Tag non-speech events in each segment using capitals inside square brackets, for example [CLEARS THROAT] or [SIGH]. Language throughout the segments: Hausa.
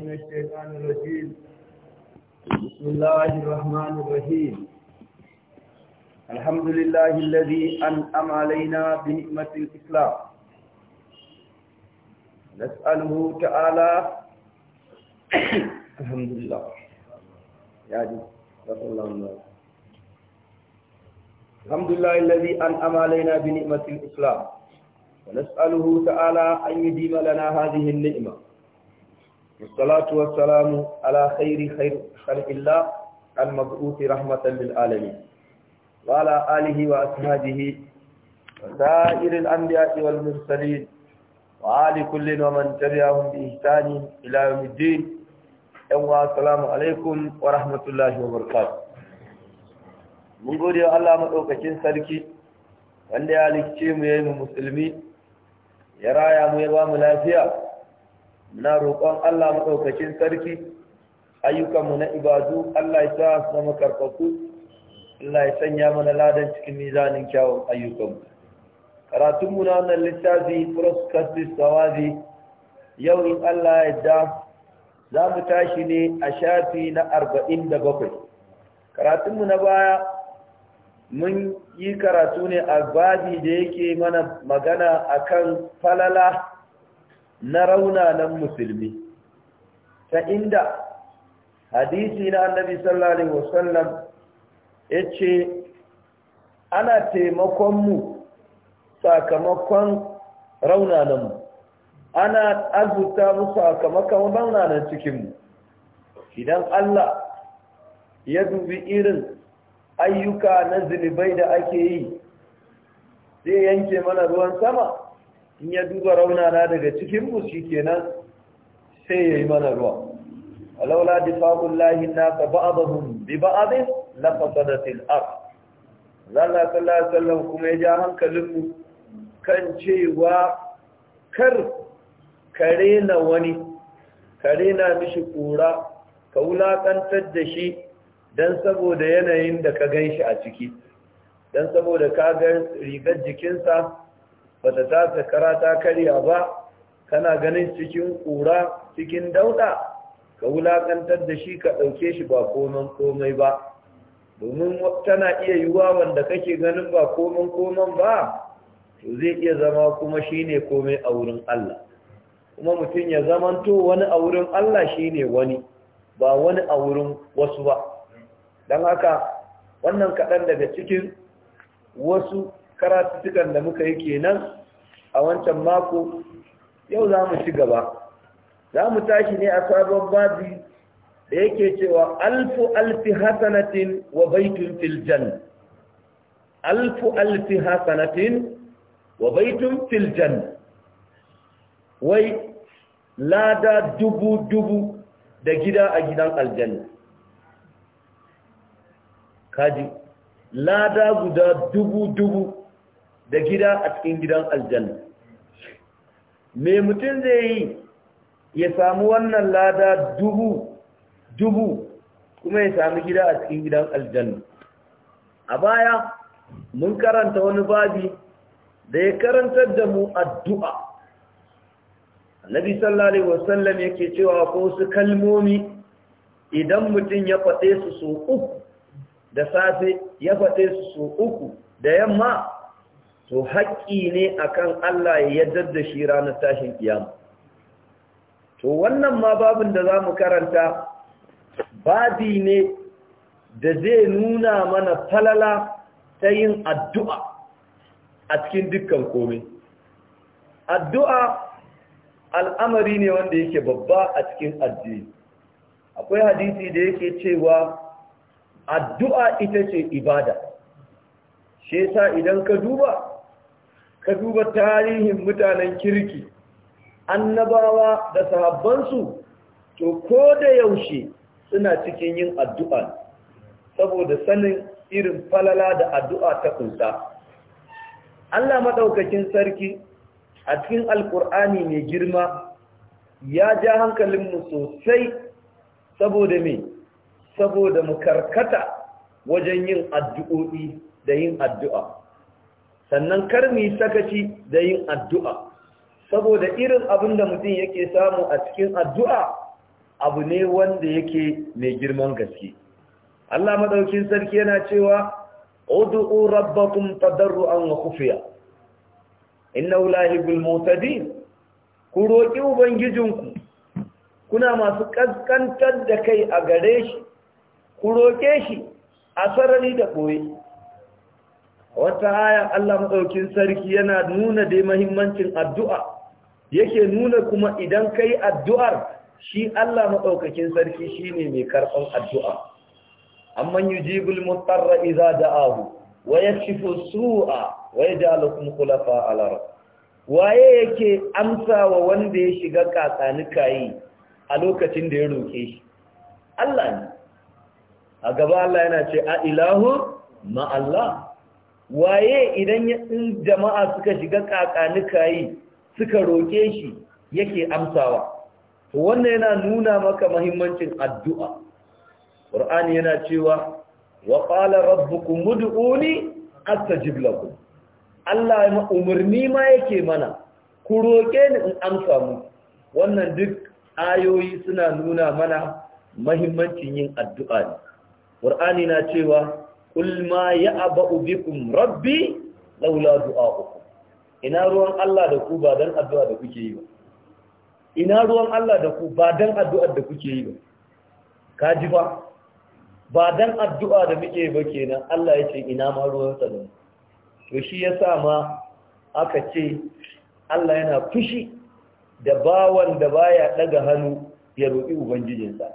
من الشيطان الرجيم بسم الله الرحمن الرحيم الحمد لله الذي أنعم علينا بنعمة الإسلام نسأله تعالى [COUGHS] الحمد لله يعني رسول الله الحمد لله الذي أنعم علينا بنعمة الإسلام ونسأله تعالى أن يديم لنا هذه النعمة salatu wassalamu ala khairi khair khalqillah al mab'uth rahmatan lil alamin alihi wa ashabihi wa sa'ir al anbiya wal mursalin wa ali kulli wa man tabi'ahum bi ihsan ila yawm al wa assalamu alaykum wa rahmatullahi wa barakatuh mun gode wa Allah madaukakin sarki wanda ya likice mu yayin musulmi ya raya mu ya ba mu lafiya na roƙon Allah maɗaukacin sarki ayyukanmu na ibadu Allah ya sa su zama karfafu Allah ya sanya mana ladan cikin mizanin kyawun ayyukanmu karatunmu na wannan littafi proskastis tawazi yau in Allah ya da za mu tashi ne a shafi na arba'in da bakwai karatunmu na baya mun yi karatu ne a babi da yake mana magana akan falala na raunanan musulmi ta inda hadisi na annabi sallallahu alaihi wasallam yace ana taimakon mu sakamakon raunananmu. mu ana azuta mu sakamakon raunanan cikin mu idan Allah ya dubi irin ayyuka na zunubai da ake yi zai yanke mana ruwan sama in ya duba raunana daga cikin mu kenan sai ya yi mana ruwa walaula difa'ul lahi ka ba'dahum bi ba'dih la fasadatil ard zalla sallallahu alaihi wasallam kuma ya ja hankalinmu kan cewa kar kare na wani kare na mishi kura ka wulakantar da shi dan saboda yanayin da ka ganshi a ciki dan saboda ka ga rigar jikinsa bata ta kara karata karya ba kana ganin cikin ƙura cikin dauɗa ka wulakantar da shi ka ɗauke shi ba koman komai ba domin tana iya yiwuwa wanda kake ganin ba koman koman ba to zai iya zama kuma shine komai a wurin Allah kuma mutum ya zamanto wani a wurin Allah shine wani ba wani a wurin wasu ba don haka wannan kaɗan daga cikin wasu karatutukan da muka yi kenan a wancan mako yau za mu ci gaba za mu tashi ne a sabon babi da yake cewa alfu alfi hasanatin wa baitun Filjan, alfu alfi hasanatin wa baitun Filjan, wai lada dubu dubu da gida a gidan aljanna kaji lada guda dubu dubu da gida a cikin gidan aljanna me mutum zai yi ya samu wannan lada dubu dubu kuma ya sami gida a cikin gidan aljanna a baya mun karanta wani babi da ya karantar da mu addu'a annabi sallallahu alaihi wasallam yake cewa ko su kalmomi idan mutum ya faɗe su so uku da safe ya faɗe su so uku da yamma to haƙƙi ne akan Allah ya yarda da shi ranar tashin kiyama to wannan ma babin da za mu karanta babi ne da zai nuna mana falala ta yin addu'a a cikin dukkan komai addu'a al'amari ne wanda yake babba a cikin addini akwai hadisi da yake cewa addu'a ita ce ibada shi yasa idan ka duba ka duba tarihin mutanen kirki annabawa da sahabbansu to ko da yaushe suna cikin yin addu'a saboda sanin irin falala da addu'a ta kunsa Allah maɗaukakin sarki a cikin alkur'ani mai girma ya ja hankalinmu sosai saboda me saboda mu karkata wajen yin addu'o'i da yin addu'a sannan kar mu yi sakaci da yin addu'a saboda irin abin da mutum yake samu a cikin addu'a abu ne wanda yake mai girman gaske Allah maɗaukin sarki yana cewa ud'u rabbakum tadarruan wa khufiya inna la yuhibbul mu'tadin ku roki ubangijinku kuna masu kaskantar da kai a gare shi ku roƙe shi a sarari da koyi wata haya Allah maɗaukin sarki yana nuna da mahimmancin addu'a yake nuna kuma idan ka yi addu'ar shi Allah maɗaukakin sarki shi ne mai karɓar addu'a amma yi jibul mutarra iza da abu waya shifo su'a waya ji alakun kulafa alara waye yake amsa wa wanda ya shiga kakanikayi a lokacin da ya roƙe shi Allah ne a gaba Allah yana ce a ilahu ma'allah waye idan in jama'a suka shiga kakanuka yi suka roke shi yake amsawa wannan yana nuna maka mahimmancin addu'a qur'ani yana cewa wa qala rabbukum ud'uni astajib lakum Allah ya umarni ma yake mana ku roke ni in amsa mu wannan duk ayoyi suna nuna mana mahimmancin yin addu'a ne qur'ani na cewa kul ma aba bikum rabbi laula du'a'ukum ina ruwan Allah da ku ba dan addu'a da kuke yi ba ina ruwan Allah da ku ba dan addu'a da kuke yi ba ka ji fa ba dan addu'a da muke ba kenan Allah ya ce ina ma ruwan sa ne to shi yasa ma aka ce Allah yana fushi da bawan da baya daga hannu ya roƙi ubangijinsa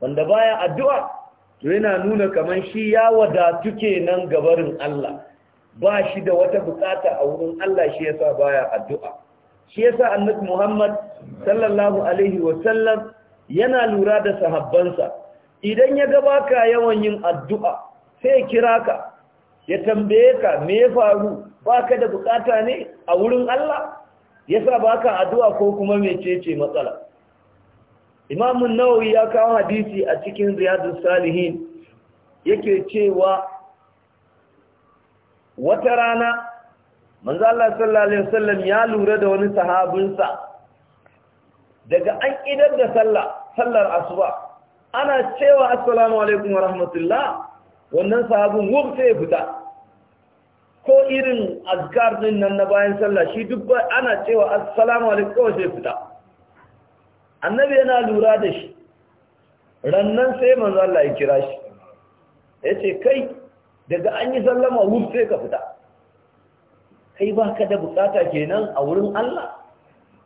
wanda baya addu'a to yana nuna kamar shi ya wadatu kenan gabarin Allah ba shi da wata bukata a wurin Allah shi yasa baya addu'a shi yasa annabi Muhammad sallallahu alaihi wa sallam yana lura da sahabbansa idan ya ga baka yawan yin addu'a sai kira ka ya tambaye ka me ya faru baka da bukata ne a wurin Allah yasa baka addu'a ko kuma mecece matsala imamun nawawi ya kawo hadisi a cikin riyadus salihin yake cewa wata rana manzo Allah sallallahu alaihi wasallam ya lura da wani sahabinsa daga an idar da sallah sallar asuba ana cewa assalamu alaikum wa rahmatullah wannan sahabin wuf ya fita ko irin azkar din nan na bayan sallah shi duk ana cewa assalamu alaikum sai fita annabi yana lura da shi rannan sai manzo Allah ya kira shi yace kai daga an yi sallama wuf sai ka fita kai ba ka da bukata kenan a wurin Allah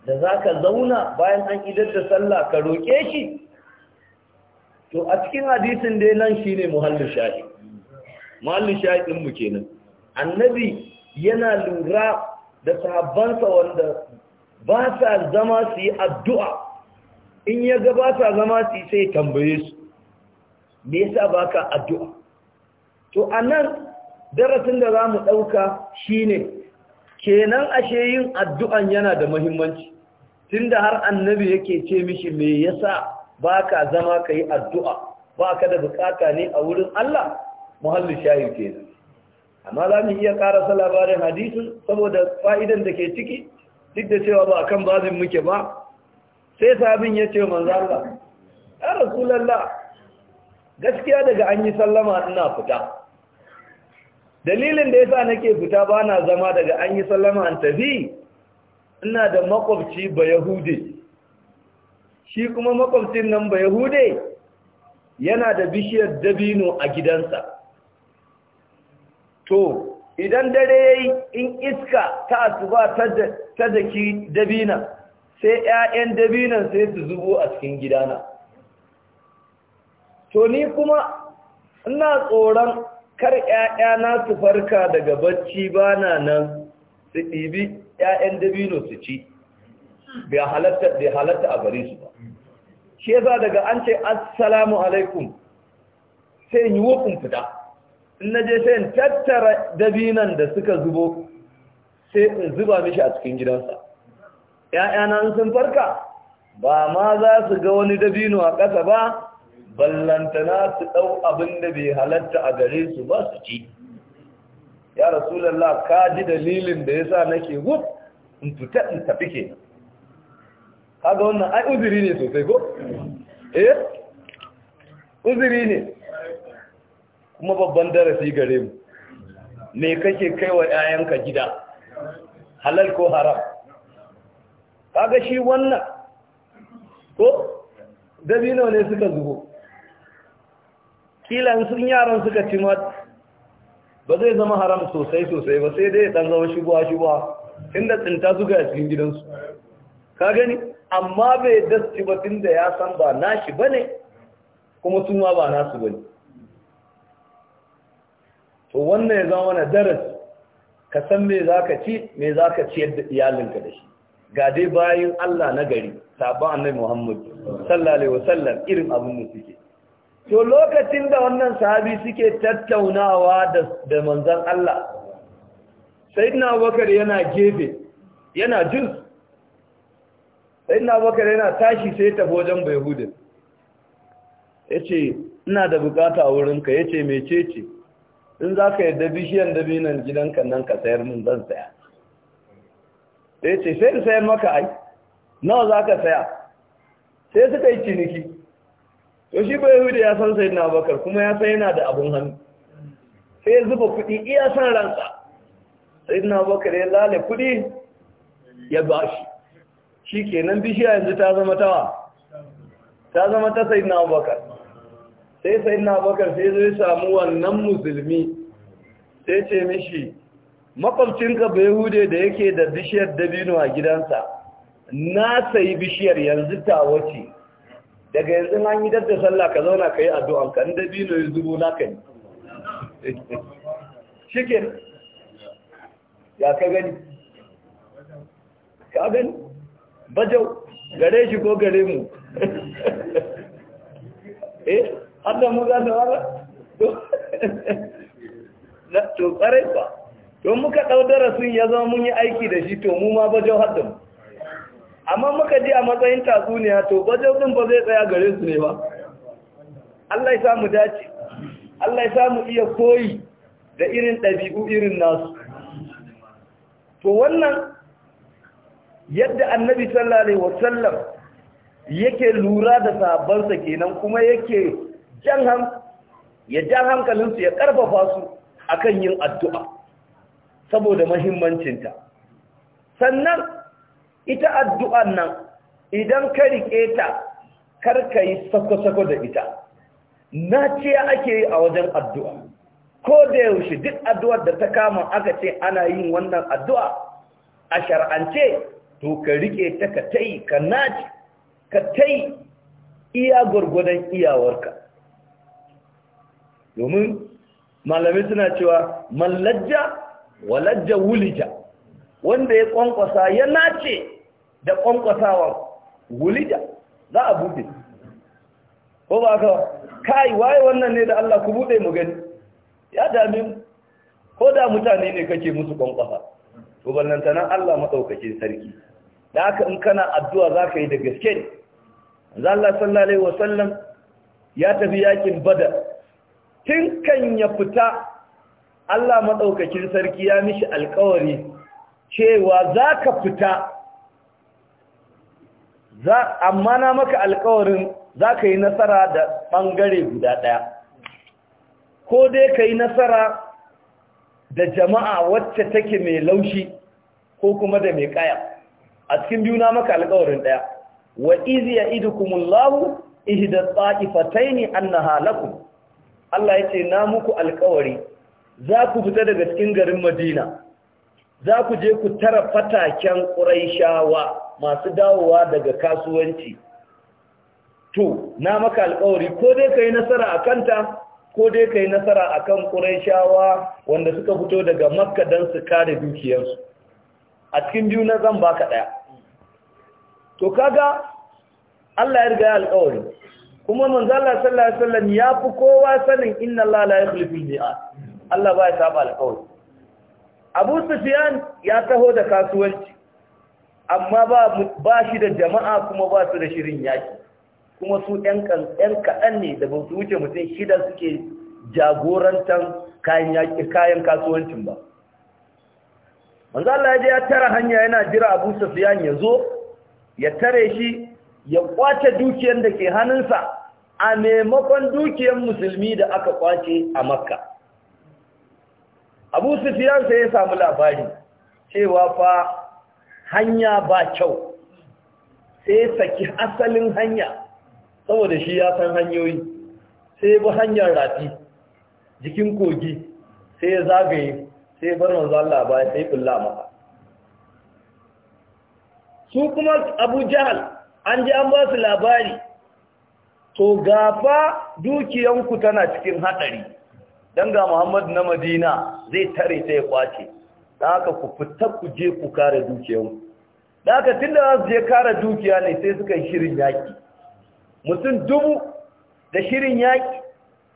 da zaka zauna bayan an idar da sallah ka roke shi to a cikin hadisin dai nan shine muhallin shahi muhallin shahin mu kenan annabi yana lura da sahabbansa wanda ba sa zama su yi addu'a in ya ga ba sa zama su sai tambaye su me yasa baka addu'a to anan darasin da zamu dauka shine kenan ashe yin addu'an yana da muhimmanci tunda har annabi yake ce mishi me yasa baka zama kai addu'a baka da bukata ne a wurin Allah muhallin shayin kenan amma za mu iya karasa labarin hadisin saboda fa'idan da ke ciki duk da cewa ba akan bazin muke ba sai sabin ya ce manzo Allah ya rasulullah gaskiya daga an yi sallama ina fita dalilin da yasa nake fita ba na zama daga an yi sallama an tafi ina da makwabci ba yahude shi kuma makwabcin nan ba yahude yana da bishiyar dabino a gidansa to idan dare yayi in iska ta asuba ta daki dabina sai 'ya'yan dabinan sai su zubo a cikin gidana to ni kuma ina tsoron kar 'ya'yana su farka daga bacci bana nan su ɗibi 'ya'yan dabino su ci bai halatta a gare su ba shi za daga an ce assalamu alaikum sai yi wukun fita in na je sai tattara dabinan da suka zubo sai in zuba mishi a cikin gidansa ‘ya'yana sun farka ba ma za su ga wani dabino a ƙasa ba ballantana su ɗau abin da bai halatta a gare su ba su ci ya rasulallah ka ji dalilin da ya sa nake wuf in fita in tafi ke Haga wannan ai uziri ne sosai ko? eh uziri ne kuma babban darasi gare mu me kake kai wa 'ya'yanka gida halal ko haram kaga shi wannan ko dabino ne suka zubo kila sun yaran suka ci ma ba zai zama haram sosai sosai ba sai dai dan zama shubuwa shubuwa inda tsinta suka a cikin gidansu ka gani amma bai dasci ba tunda ya san ba nashi bane kuma su ba nasu bane to wannan ya zama na darasi ka san me zaka ci me zaka ciyar da iyalinka da shi ga dai bayin Allah na gari sabon annabi Muhammad sallallahu alaihi wasallam irin abin da suke to lokacin da wannan sahabi suke tattaunawa da da manzon Allah sayyidina Abubakar yana gefe yana jin sayyidina Abubakar yana tashi sai tafi wajen Bayhudin yace ina da bukata a wurinka yace mecece in zaka yarda bishiyan binan gidanka nan ka sayar min zan saya sai ce sai in sayar maka ai nawa za ka saya sai suka yi ciniki to shi bai hudu ya san sayi na bakar kuma ya sayi na da abin hannu sai ya zuba kudi iya san ransa sayi na bakar ya lale kudi ya ba shi shi kenan bishiya yanzu ta zama tawa ta zama ta sayi na bakar sai sayi na bakar sai zai samu wannan musulmi sai ce mishi makwabcinka bai hude da yake da bishiyar dabino a gidansa na sayi bishiyar yanzu ta wace daga yanzu an yi dadda sallah ka zauna ka yi addu'an kan dabino ya zubo naka ne [LAUGHS] shikin ya ka gani ka gani bajau gare shi ko gare mu [LAUGHS] eh har mu za ta wara [LAUGHS] to ƙarai ba don muka ɗau darasin ya zama mun yi aiki da shi to mu ma bajau haddam amma muka ji a matsayin tatsuniya to bajau sun ba zai tsaya gare su ne ba Allah ya samu dace Allah ya samu iya koyi da irin ɗabi'u irin nasu to wannan yadda annabi sallallahu wasallam yake lura da sahabbansa kenan kuma yake jan hankalinsu ya ƙarfafa su akan yin addu'a saboda mahimmancinta sannan ita addu'an nan idan ka riƙe ta kar ka yi sako-sako da ita na ce ake yi a wajen addu'a ko da yaushe duk addu'ar da ta kama aka ce ana yin wannan addu'a a shar'ance to ka riƙe ta ka ta yi ka naci ka ta yi iya gwargwadon iyawarka domin malamai suna cewa mallajja walajja wulija wanda ya kwankwasa ya nace da kwankwasawa wulija za a bude ko ba ka kai waye wannan ne da Allah ku buɗe mu gani ya dami ko da mutane ne kake musu kwankwasa to ballantana Allah madaukakin sarki da haka in kana addu'a za ka yi da gaske ne Allah sallallahu alaihi wasallam ya tafi yakin bada. tin kan ya fita Allah maɗaukakin sarki ya mishi alkawari cewa za ka fita amma na maka alkawarin za ka yi nasara da ɓangare guda ɗaya ko dai ka yi nasara da jama'a wacce take mai laushi ko kuma da mai kaya a cikin biyu na maka alkawarin ɗaya wa izi ya idu kumullahu ihidar tsa'ifatai ne Allah ya ce na muku alkawari za ku fita daga cikin garin madina za ku je ku tara fataken ƙuraishawa masu dawowa daga kasuwanci to na maka alƙawari ko dai ka yi nasara a kanta ko dai ka yi nasara a kan ƙuraishawa wanda suka fito daga makka don su kare dukiyarsu a cikin biyu na zan baka ɗaya to kaga allah ya riga ya alƙawari kuma manzala sallallahu alaihi wasallam ya fi kowa sanin inna allaha la yukhlifu al Allah ba ya saba alƙawari Abu Sufyan ya taho da kasuwanci amma ba shi da jama'a kuma ba su da shirin yaki kuma su ‘yan kaɗan ne da ba su wuce mutum shida suke jagorantar kayan kasuwancin ba manzo Allah ya ya tara hanya yana jira Abu Sufyan ya zo ya tare shi ya ƙwace dukiyar da ke hannunsa a maimakon dukiyar musulmi da aka kwace a Makka abu sufiyan sai ya samu labari cewa fa hanya ba kyau sai saki asalin hanya saboda shi ya san hanyoyi sai bi hanyar rafi jikin kogi sai ya zagaye sai bar manzo Allah ba sai kulla maka su kuma Abu jihal an ji an ba su labari to gafa dukiyanku tana cikin haɗari. dan ga Muhammadu na Madina zai tare ta ya kwace dan haka ku fita ku je ku kare dukiyar? dan haka tunda za su je kare dukiya ne sai suka yi shirin yaki mutum dubu da shirin yaki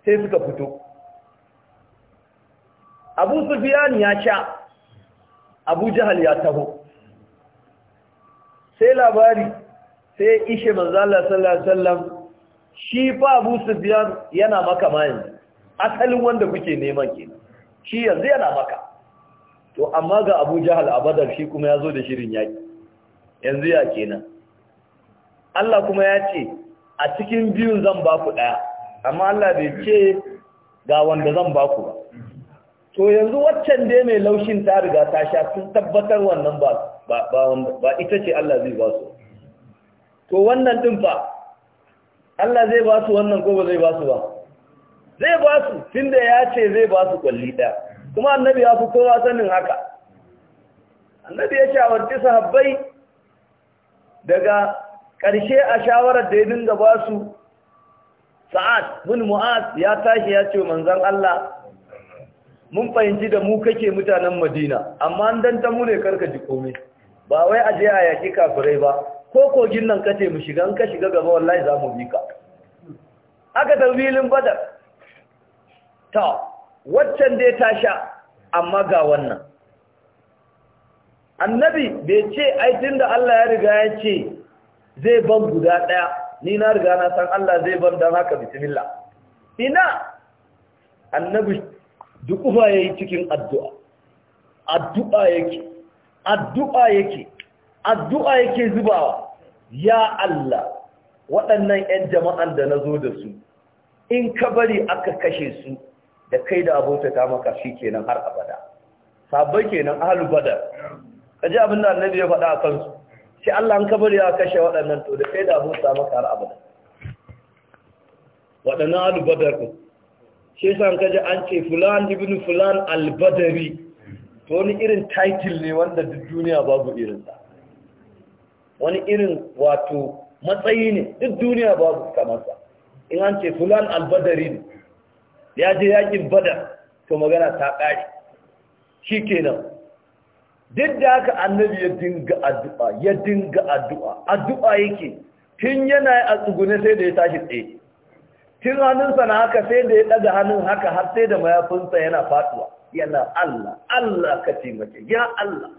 sai suka fito Abu Sufyan ya sha Abu Jahal ya taho sai labari sai ishe manzo Allah sallallahu alaihi wasallam shi fa Abu Sufyan yana maka mayin asalin wanda kuke neman kenan shi yanzu yana maka to amma ga abu jahal a badar shi kuma ya zo da shirin yaƙi yanzu ya kenan Allah kuma ya ce a cikin biyun zan ba ku ɗaya amma Allah bai ce ga wanda zan ba ku ba to yanzu waccan dai mai laushin ta riga ta sha sun tabbatar wannan ba ba ita ce Allah zai ba su to wannan din fa Allah zai ba su wannan ko ba zai ba su ba zai ba su tunda ya ce zai ba su kwalli ɗaya kuma annabi ya fi kowa sanin haka annabi ya shawarci sahabbai daga ƙarshe a shawarar da ya dinga ba su sa'ad bin mu'az ya tashi ya ce manzan Allah mun fahimci da mu kake mutanen Madina amma an danta mu ne karka ji komai ba wai a je a yaki kafirai ba ko kogin nan kace mu shiga ka shiga gaba wallahi za mu bi ka aka tawilin badar ta waccan dai ta sha amma ga wannan annabi bai ce aitin da Allah ya riga ya ce zai ban guda ɗaya ni na riga na san Allah zai ban don haka bismillah ina annabi dukufa ya yi cikin addu'a addu'a yake addu'a yake addu'a yake zubawa ya Allah waɗannan ‘yan jama'an da na zo da su in ka bari aka kashe su da kai da abota ta maka shi kenan har abada sabbai kenan ahlul badar kaji abin da annabi ya faɗa a kansu shi Allah an kabar ya kashe waɗannan to da kai da abota maka har abada waɗannan ahlul badar ko shi yasa an kaji an ce fulan ibn fulan al-badari to wani irin title ne wanda duk duniya babu irin sa wani irin wato matsayi ne duk duniya babu kamar sa in an ce fulan al-badari ne ya je yakin badar to magana ta ƙare shi kenan duk da haka annabi ya dinga addu'a ya dinga addu'a addu'a yake tun yana a tsugune sai da ya tashi tsaye tun hannunsa na haka sai da ya ɗaga hannun haka har sai da mayafinsa yana faɗuwa yana Allah Allah ka mace ya Allah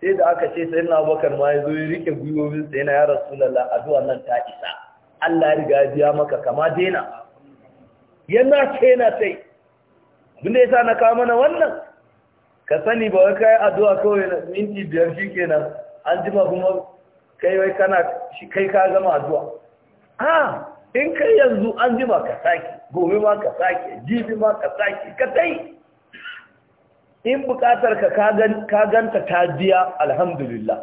sai da aka ce sai na bakar ma ya zo ya rike gwiwobinsa yana ya rasu lalla addu'a nan ta isa Allah ya riga ya biya maka kama dena yana ce na sai abinda ya sa na kawo mana wannan ka sani ba wai kayi addu'a kawai na minti biyar shi kenan an jima kuma kai wai kana shi kai ka gama addu'a a in kai yanzu an jima ka sake gobe ma ka sake jibi ma ka sake ka tai in bukatar ka ka ganta ta biya alhamdulillah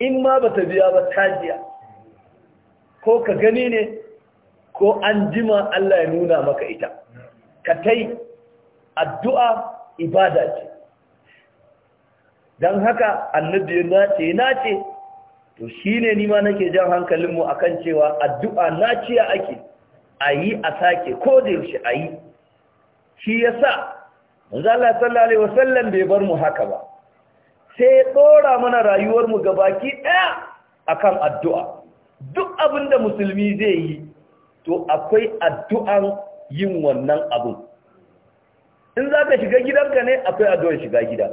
in ma ba ta biya ba ta biya ko ka gani ne ko an jima Allah ya nuna maka ita ka tai addu'a ibada ce don haka annabi ya nace nace to shine ni ma nake jan hankalinmu akan cewa addu'a ya ake ayi a sake ko da yaushe ayi shi yasa manzo Allah sallallahu alaihi wasallam bai bar mu haka ba sai ya dora mana rayuwar mu gabaki daya akan addu'a duk abinda musulmi zai yi to akwai addu'an yin wannan abu. in za ka shiga gidanka ne akwai addu'an shiga gida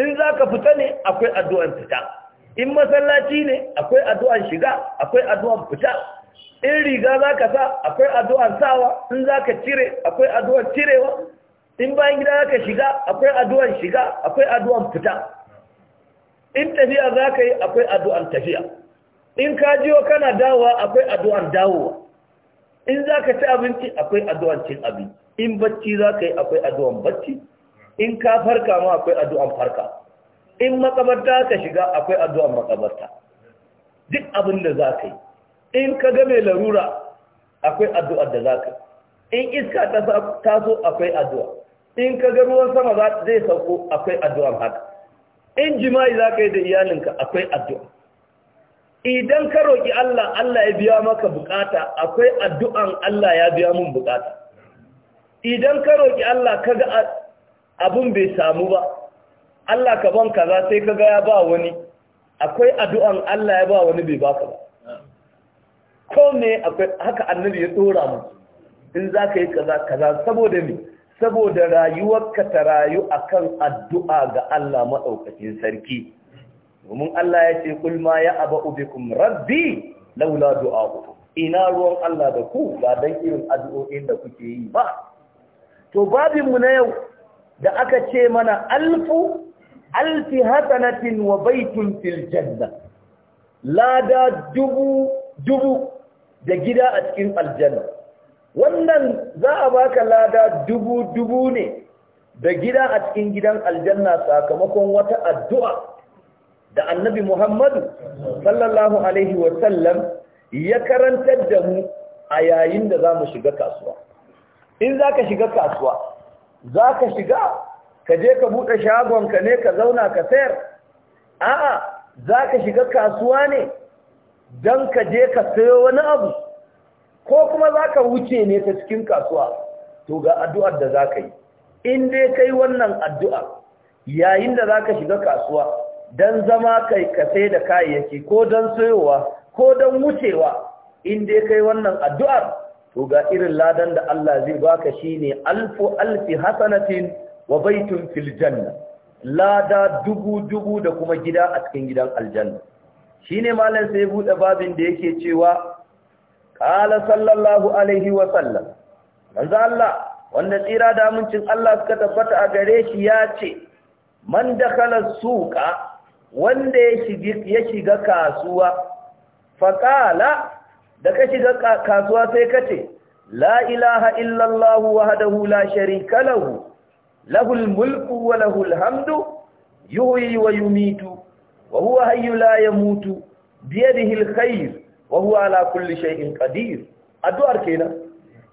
in za ka fita ne akwai addu'an fita in masallaci ne akwai addu'an shiga akwai addu'an fita in riga za ka sa akwai addu'an sawa in za ka cire akwai addu'an cirewa in bayan gida za ka shiga akwai addu'an shiga akwai addu'an fita in tafiya za ka yi akwai addu'an tafiya in ka jiyo kana dawowa akwai addu'an dawowa in za ka ci abinci akwai addu'an cin abin. in bacci za ka yi akwai addu'an bacci in ka farka ma akwai addu'an farka in makamarta ka shiga akwai addu'an makamarta duk abin da za ka yi in ka ga mai larura akwai addu'ar da za ka yi in iska ta taso akwai addu'a in ka ga ruwan sama zai sauko akwai addu'an haka in jima'i za ka yi da iyalinka akwai addu'a idan ka roƙi Allah Allah ya biya maka bukata akwai addu'an Allah ya biya mun bukata idan ka roƙi Allah kaga abun bai samu ba Allah ka ban kaza sai kaga ya ba wani akwai addu'an Allah ya ba wani bai baka ba ko me akwai haka annabi ya tsora mu in za ka yi kaza kaza saboda me saboda rayuwarka ta rayu akan addu'a ga Allah maɗaukakin sarki domin Allah ya ce kulma ma ya aba ubikum rabbi laula du'a'ukum ina ruwan Allah da ku ba dan irin addu'o'in da kuke yi ba to babin mu na yau da aka ce mana alfu alfi hasanatin wa baitun fil janna lada dubu dubu da gida a cikin aljanna wannan za a baka lada dubu dubu ne da gida a cikin gidan aljanna sakamakon wata addu'a da annabi Muhammadu sallallahu alaihi wasallam ya karantar da mu a yayin da za mu shiga kasuwa in za ka shiga kasuwa za ka shiga ka je ka buɗe shagonka ne ka zauna ka sayar a'a za ka shiga kasuwa ne don ka je ka sayo wani abu ko kuma za ka wuce ne ta cikin kasuwa to ga addu'ar da za ka yi in dai kai wannan addu'a yayin da za ka shiga kasuwa don zama kai kafe da kayayyaki ko don sayowa ko don wucewa in dai kai wannan addu'ar to ga irin ladan da Allah zai baka shine alfu alfi hasanatin wa baitun fil janna lada dubu dubu da kuma gida a cikin gidan aljanna ne malam sai buɗe babin da yake cewa qala sallallahu alaihi wa sallam manzo Allah wanda tsira da cin Allah suka tabbata a gare shi ya ce man dakhala suqa wanda ya shiga ya shiga kasuwa faƙala da ka shiga kasuwa sai ka ce la ilaha illa allah wahdahu la sharika lahu lahul mulku wa lahul hamdu yuhyi wa yumitu wa huwa hayyu la yamutu bi yadihi alkhair wa huwa ala kulli shay'in qadir addu'ar kenan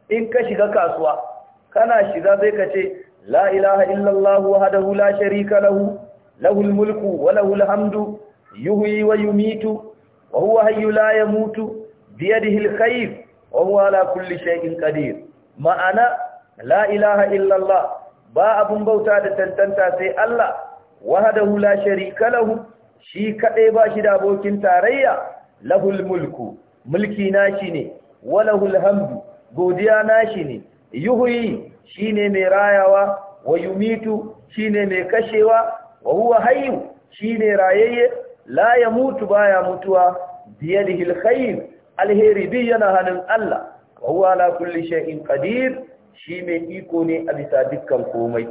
in ka shiga kasuwa kana shiga sai ka ce la ilaha illa allah wahdahu la sharika lahu له الملك وله الحمد يهوي ويميت وهو حي لا يموت بيده الخير وهو على كل شيء قدير معنى لا إله إلا الله با أبن بوتا تنتنتا سي الله وحده لا شريك له shi kaɗai ba shi da abokin tarayya lahul mulku mulki nashi ne walahul hamdu godiya nashi ne yuhyi shine mai rayawa Wayumitu yumitu shine mai kashewa wa huwa hayyu shine rayayye la yamutu baya mutuwa biyadihi alkhayr alheri bi yana hannun Allah wa huwa ala kulli shay'in qadir shi mai iko ne a bisa dukkan komai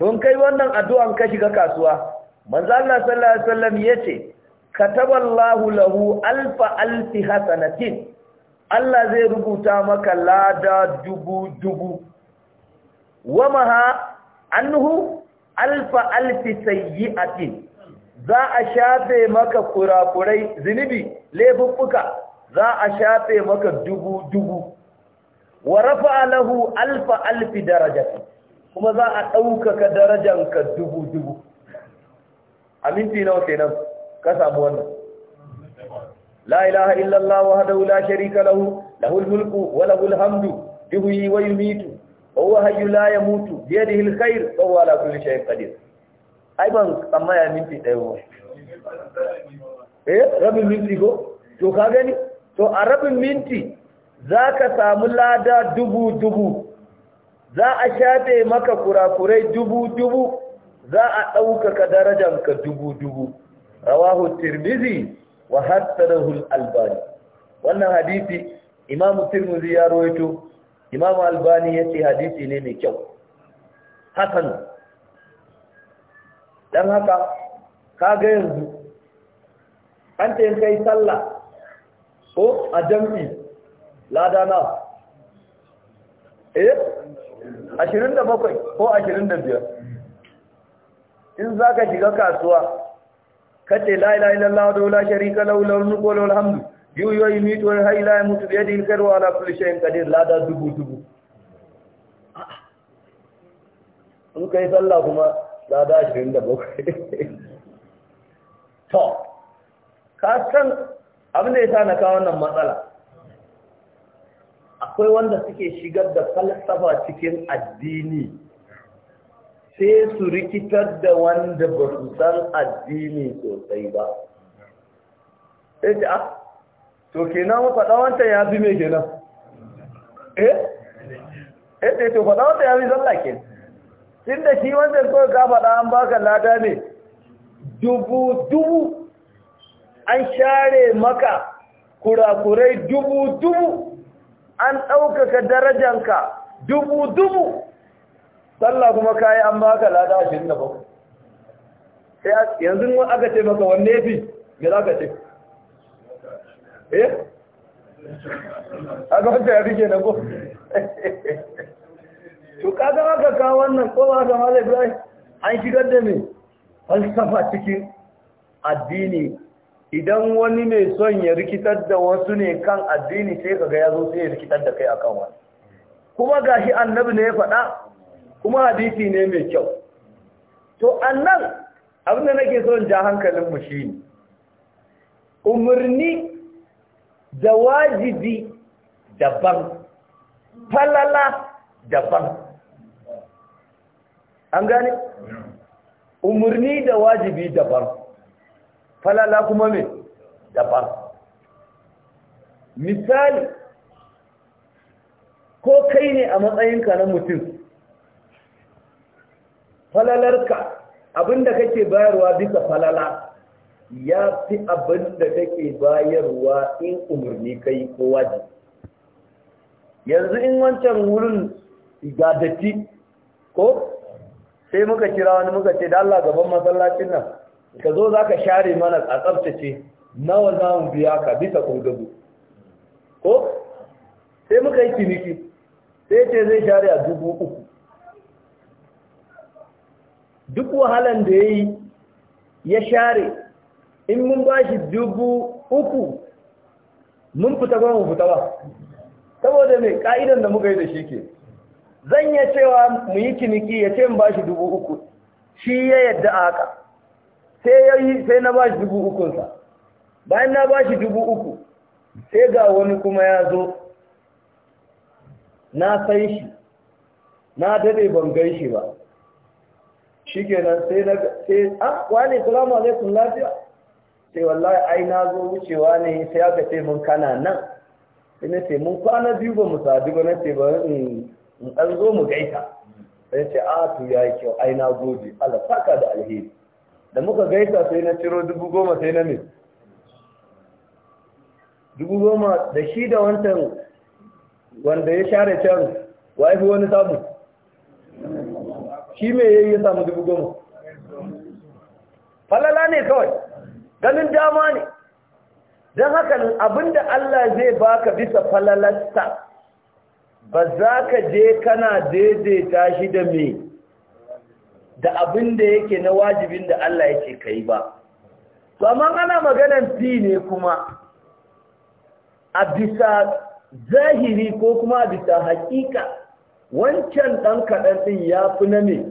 Don kai wannan addu'an ka shiga kasuwa manzo Allah sallallahu alaihi wasallam yace kataballahu lahu alfa alfi hasanatin Allah zai rubuta maka lada dubu dubu wamaha annuhu alfa alfi sayyi'atin za a shafe maka kurakurai zunubi laifuffuka za a shafe maka dubu dubu wa rafa'a lahu alfa alfi darajati kuma za a ɗaukaka darajanka dubu dubu aminti nawa kenan ka samu wannan la ilaha illallah wahdahu la sharika lahu lahul mulku wa lahul hamdu yuhyi wa wa hayyu la yamutu bi yadihi alkhair wa huwa ala kulli shay'in qadir ai ban amma ya minti dai ba eh rabin minti ko to ka gani to a rabin minti zaka samu lada dubu dubu za a shafe maka kurakurai dubu dubu za a ɗaukaka darajanka dubu dubu rawahu tirmizi wa hassanahu al-albani wannan hadisi Imam tirmizi ya rawaito imamu albani ya ce hadisi ne mai kyau hasan don haka ka ga yanzu an ta yin kai sallah ko a jam'i lada na eh ashirin da bakwai ko ashirin da biyar? in za ka shiga kasuwa Ka ce ilaha illallah wa la sharika lahu lahul mulku wa hamdu yu yoy yumitu wa hayyu la yamutu bi yadihi al ala kulli shay'in qadir lada dubu dubu in kai sallah kuma lada 27 [LAUGHS] to ka san abin da yasa na kawo wannan matsala akwai wanda suke shigar da falsafa cikin addini sai su rikitar da wanda ba su san addini sosai ba sai ce ah to kenan faɗa wanta ya fi mai kenan eh eh, eh to faɗa wanta ya fi zalla kenan inda shi wancan ko ka faɗa an baka lada ne dubu dubu an share maka kurakurai dubu dubu an ɗaukaka darajanka dubu dubu sallah kuma kayi an baka lada ashirin da bakwai sai yanzu aka ce maka wanne fi me za ka ce eh a ga wata ya rike na ko to ka ga kawo wannan ko ba ga malai an shigar da me falsafa cikin addini idan wani mai son ya rikitar da wasu ne kan addini sai kaga ya zo sai ya rikitar da kai akan wani kuma gashi annabi ne ya faɗa kuma hadisi ne mai kyau to annan abin da nake son ja hankalin mu ne, umarni da wajibi daban falala daban an gane umarni da wajibi daban falala kuma me daban misali ko kai ne a matsayinka na mutum falalarka abinda kake bayarwa bisa falala ya fi abin da take bayarwa in umarni kai ko waje yanzu in wancan wurin ga datti ko sai muka kira wani muka ce da Allah gaban masallacin nan ka zo za ka share mana a tsabtace nawa za mu biya ka bisa kodabu ko sai muka yi ciniki sai ce zai share a dubu uku duk wahalan da ya yi ya share in mun ba shi dubu uku mun fita ba mu fita ba saboda mai ka'idan da muka yi da shi ke zan ya cewa mu yi ciniki ya ce in ba shi dubu uku shi ya yadda haka sai na ba shi dubu ukunsa bayan na ba shi dubu uku sai ga wani kuma ya zo na san shi na daɗe ban gan shi ba shi kenan sai na sai a ah, wane salamu alaikum lafiya sai wallahi ai na zo wucewa ne sai aka ce mun kana nan sai na ce mun kwana biyu ba mu sadu ba na ce ba in an zo mu gaita sai ce a ah, to ya yi kyau ai na gode Allah saka da alheri da muka gaita sai na ciro dubu goma sai na me dubu goma da shi da wancan wanda ya share can wai fi wani samu shi me ya yi ya samu dubu goma falala ne kawai ganin dama ne don haka abinda Allah zai baka bisa falalasta ba za ka je kana daidaita shi da me da abinda yake na wajibin da Allah yake kai ba to amma ana maganan fi ne kuma a bisa zahiri ko kuma a bisa hakika wancan ɗan kaɗan ɗin ya fi na me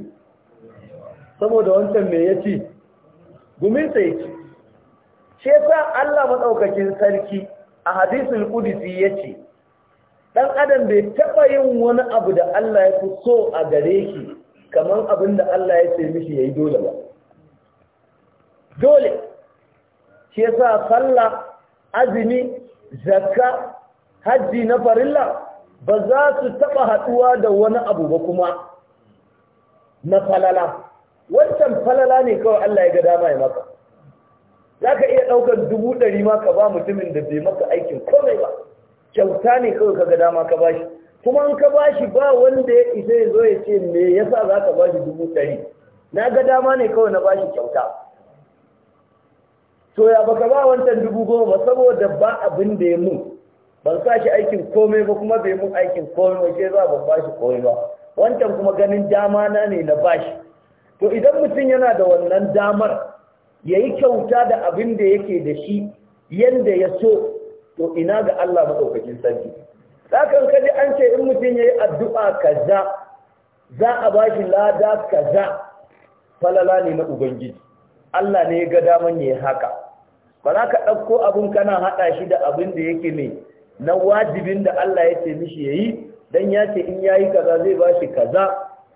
saboda wancan me ya ce gumin sai ce ce sa Allah maɗaukakin sarki a hadisul ya ce, ɗan adam bai taɓa yin wani abu da Allah ya fi so a gare shi kamar abin da Allah ya ce mishi ya yi dole ba dole ce sa sallah azumi zakka hajji na farilla ba za su taɓa haɗuwa da wani abu ba kuma na falala wancan falala ne kawai Allah ya ga dama ya maka za ka iya ɗaukar dubu ɗari ma ka ba mutumin da bai maka aikin komai ba kyauta ne kawai ka ga dama ka bashi kuma an ka bashi ba wanda ya isa ya zo ya ce me yasa za ka bashi dubu ɗari na ga dama ne kawai na bashi kyauta to ya baka ba wancan dubu goma ba saboda ba abin da ya mun ban sa shi aikin komai ba kuma bai mun aikin komai ba sai za ban bashi komai ba wancan kuma ganin dama na ne na bashi to idan mutum yana da wannan damar ya yi kyauta da abin da yake da shi yadda ya so to ina ga Allah maɗaukakin sarki Sakan kaji an ce in mutum ya yi addu'a kaza za a ba shi lada kaza falala ne na Ubangiji Allah ne ya ga daman ya haka ba za ka ɗauko abin kana haɗa shi da abin da yake ne na wajibin da Allah ya ce mishi ya yi don ya ce in ya yi kaza zai ba shi kaza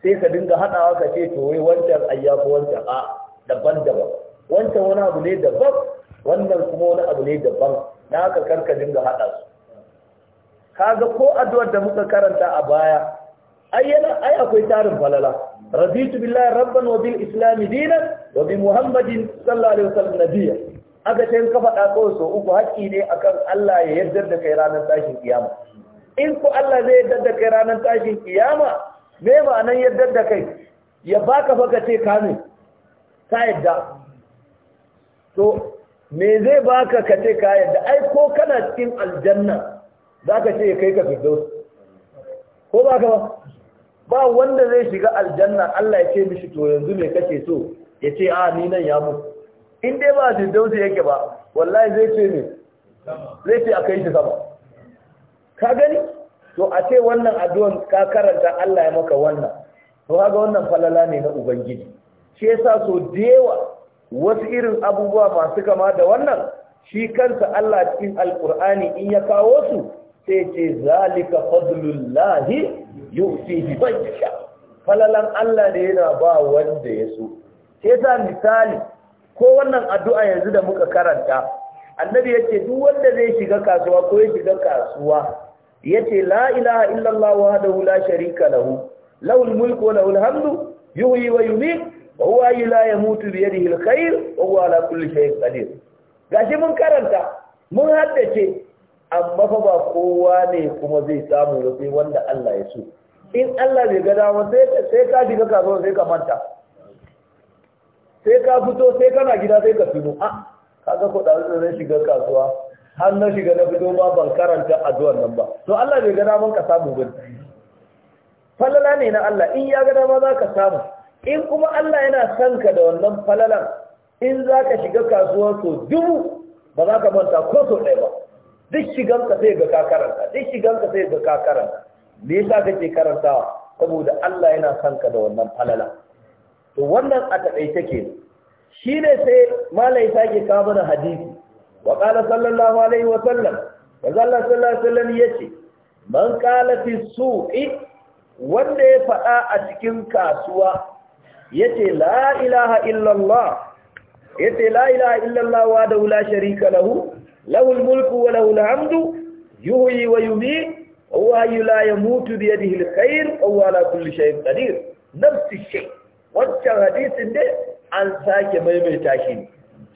sai ka dinga haɗawa ka ce to wai wancan ayyafi wancan a daban-daban wancan wani abu ne daban wannan kuma wani abu ne daban na haka karka dinga haɗa su kaga ko addu'ar da muka karanta a baya ai yana ai akwai tarin falala raditu billahi rabban wa bil islam dinan wa bi muhammadin sallallahu alaihi wasallam nabiyya aka ce ka faɗa ko so uku haƙƙi ne akan Allah ya yarda da kai ranar tashin kiyama in ku Allah zai yarda da kai ranar tashin kiyama me ma'anar yarda da kai ya baka baka ce ka ne ka yadda to me zai baka ka ce ka yadda ai ko kana cikin aljanna za ka ce kai ka fito ko ba ka ba ba wanda zai shiga aljanna Allah ya ce mishi to yanzu me kake so ya ce a ni nan ya mu in dai ba dausa yake ba wallahi zai ce ne zai ce a kai shi sama ka gani to a ce wannan addu'an ka karanta Allah ya maka wannan to kaga wannan falala ne na ubangiji shi yasa so da wasu irin abubuwa masu kama da wannan shi kansa Allah cikin alkur'ani in ya kawo su sai ce zalika fadlullahi yu'tihi man yasha falalan Allah ne yana ba wanda ya so sai sa misali ko wannan addu'a yanzu da muka karanta annabi yace duk wanda zai shiga kasuwa ko ya shiga kasuwa yace la ilaha illallah wahdahu la sharika lahu lahul mulku wa lahul hamdu yuhyi wa yumiit wa huwa la yamutu bi yadihi alkhair wa huwa ala kulli shay'in qadir gashi mun karanta mun haddace amma fa ba kowa ne kuma zai samu ba sai wanda Allah ya so in Allah bai ga dama sai sai ka diga ka zo sai ka manta sai ka fito sai kana gida sai ka fito a ah, kaga ko da zai shiga kasuwa har na shiga na fito ba ban karanta addu'ar nan ba to Allah bai ga daman ka samu ba falala ne na Allah in ya ga dama za ka samu in kuma Allah yana son ka da wannan falalan in za ka shiga kasuwar so dubu ba za ka manta ko so ɗaya ba duk ka sai ga kakaranta duk ka sai ga kakaranta me yasa kake karantawa saboda Allah yana son ka da wannan falala to wannan a taƙaice ke ne sai malai sake kawo mana hadisi wa qala sallallahu alaihi wa sallam wa sallallahu alaihi wa sallam yace man qala fi suqi wanda ya faɗa a cikin kasuwa yace la ilaha illallah yace la ilaha illallah wa da la sharika lahu lahul mulku wa lahul hamdu yuhyi wa yumiit wa hayyu la yamutu bi yadihi alkhair wa ala kulli shay'in qadir nafsi shay wannan hadisin ne an sake maimaita shi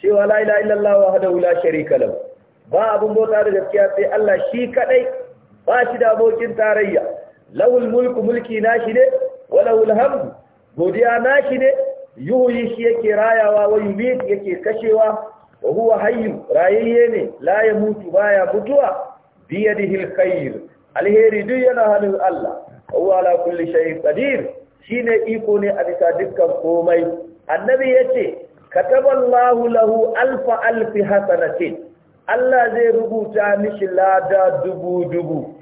cewa la ilaha illallah wa da la sharika lahu ba abun bauta da gaskiya sai Allah shi kadai ba shi da abokin tarayya lahul mulku mulki nashi ne wa lahul hamdu godiya nashi ne yuhuyi shi yake rayawa wa yumit yake kashewa wa huwa hayyu rayayye ne la ya mutu baya mutuwa bi yadihi alheri duk yana hannun Allah huwa ala kulli shay'in qadir shine iko ne a bisa dukkan komai annabi yace kataballahu lahu alfa alfi hasanatin Allah zai rubuta mishi lada dubu dubu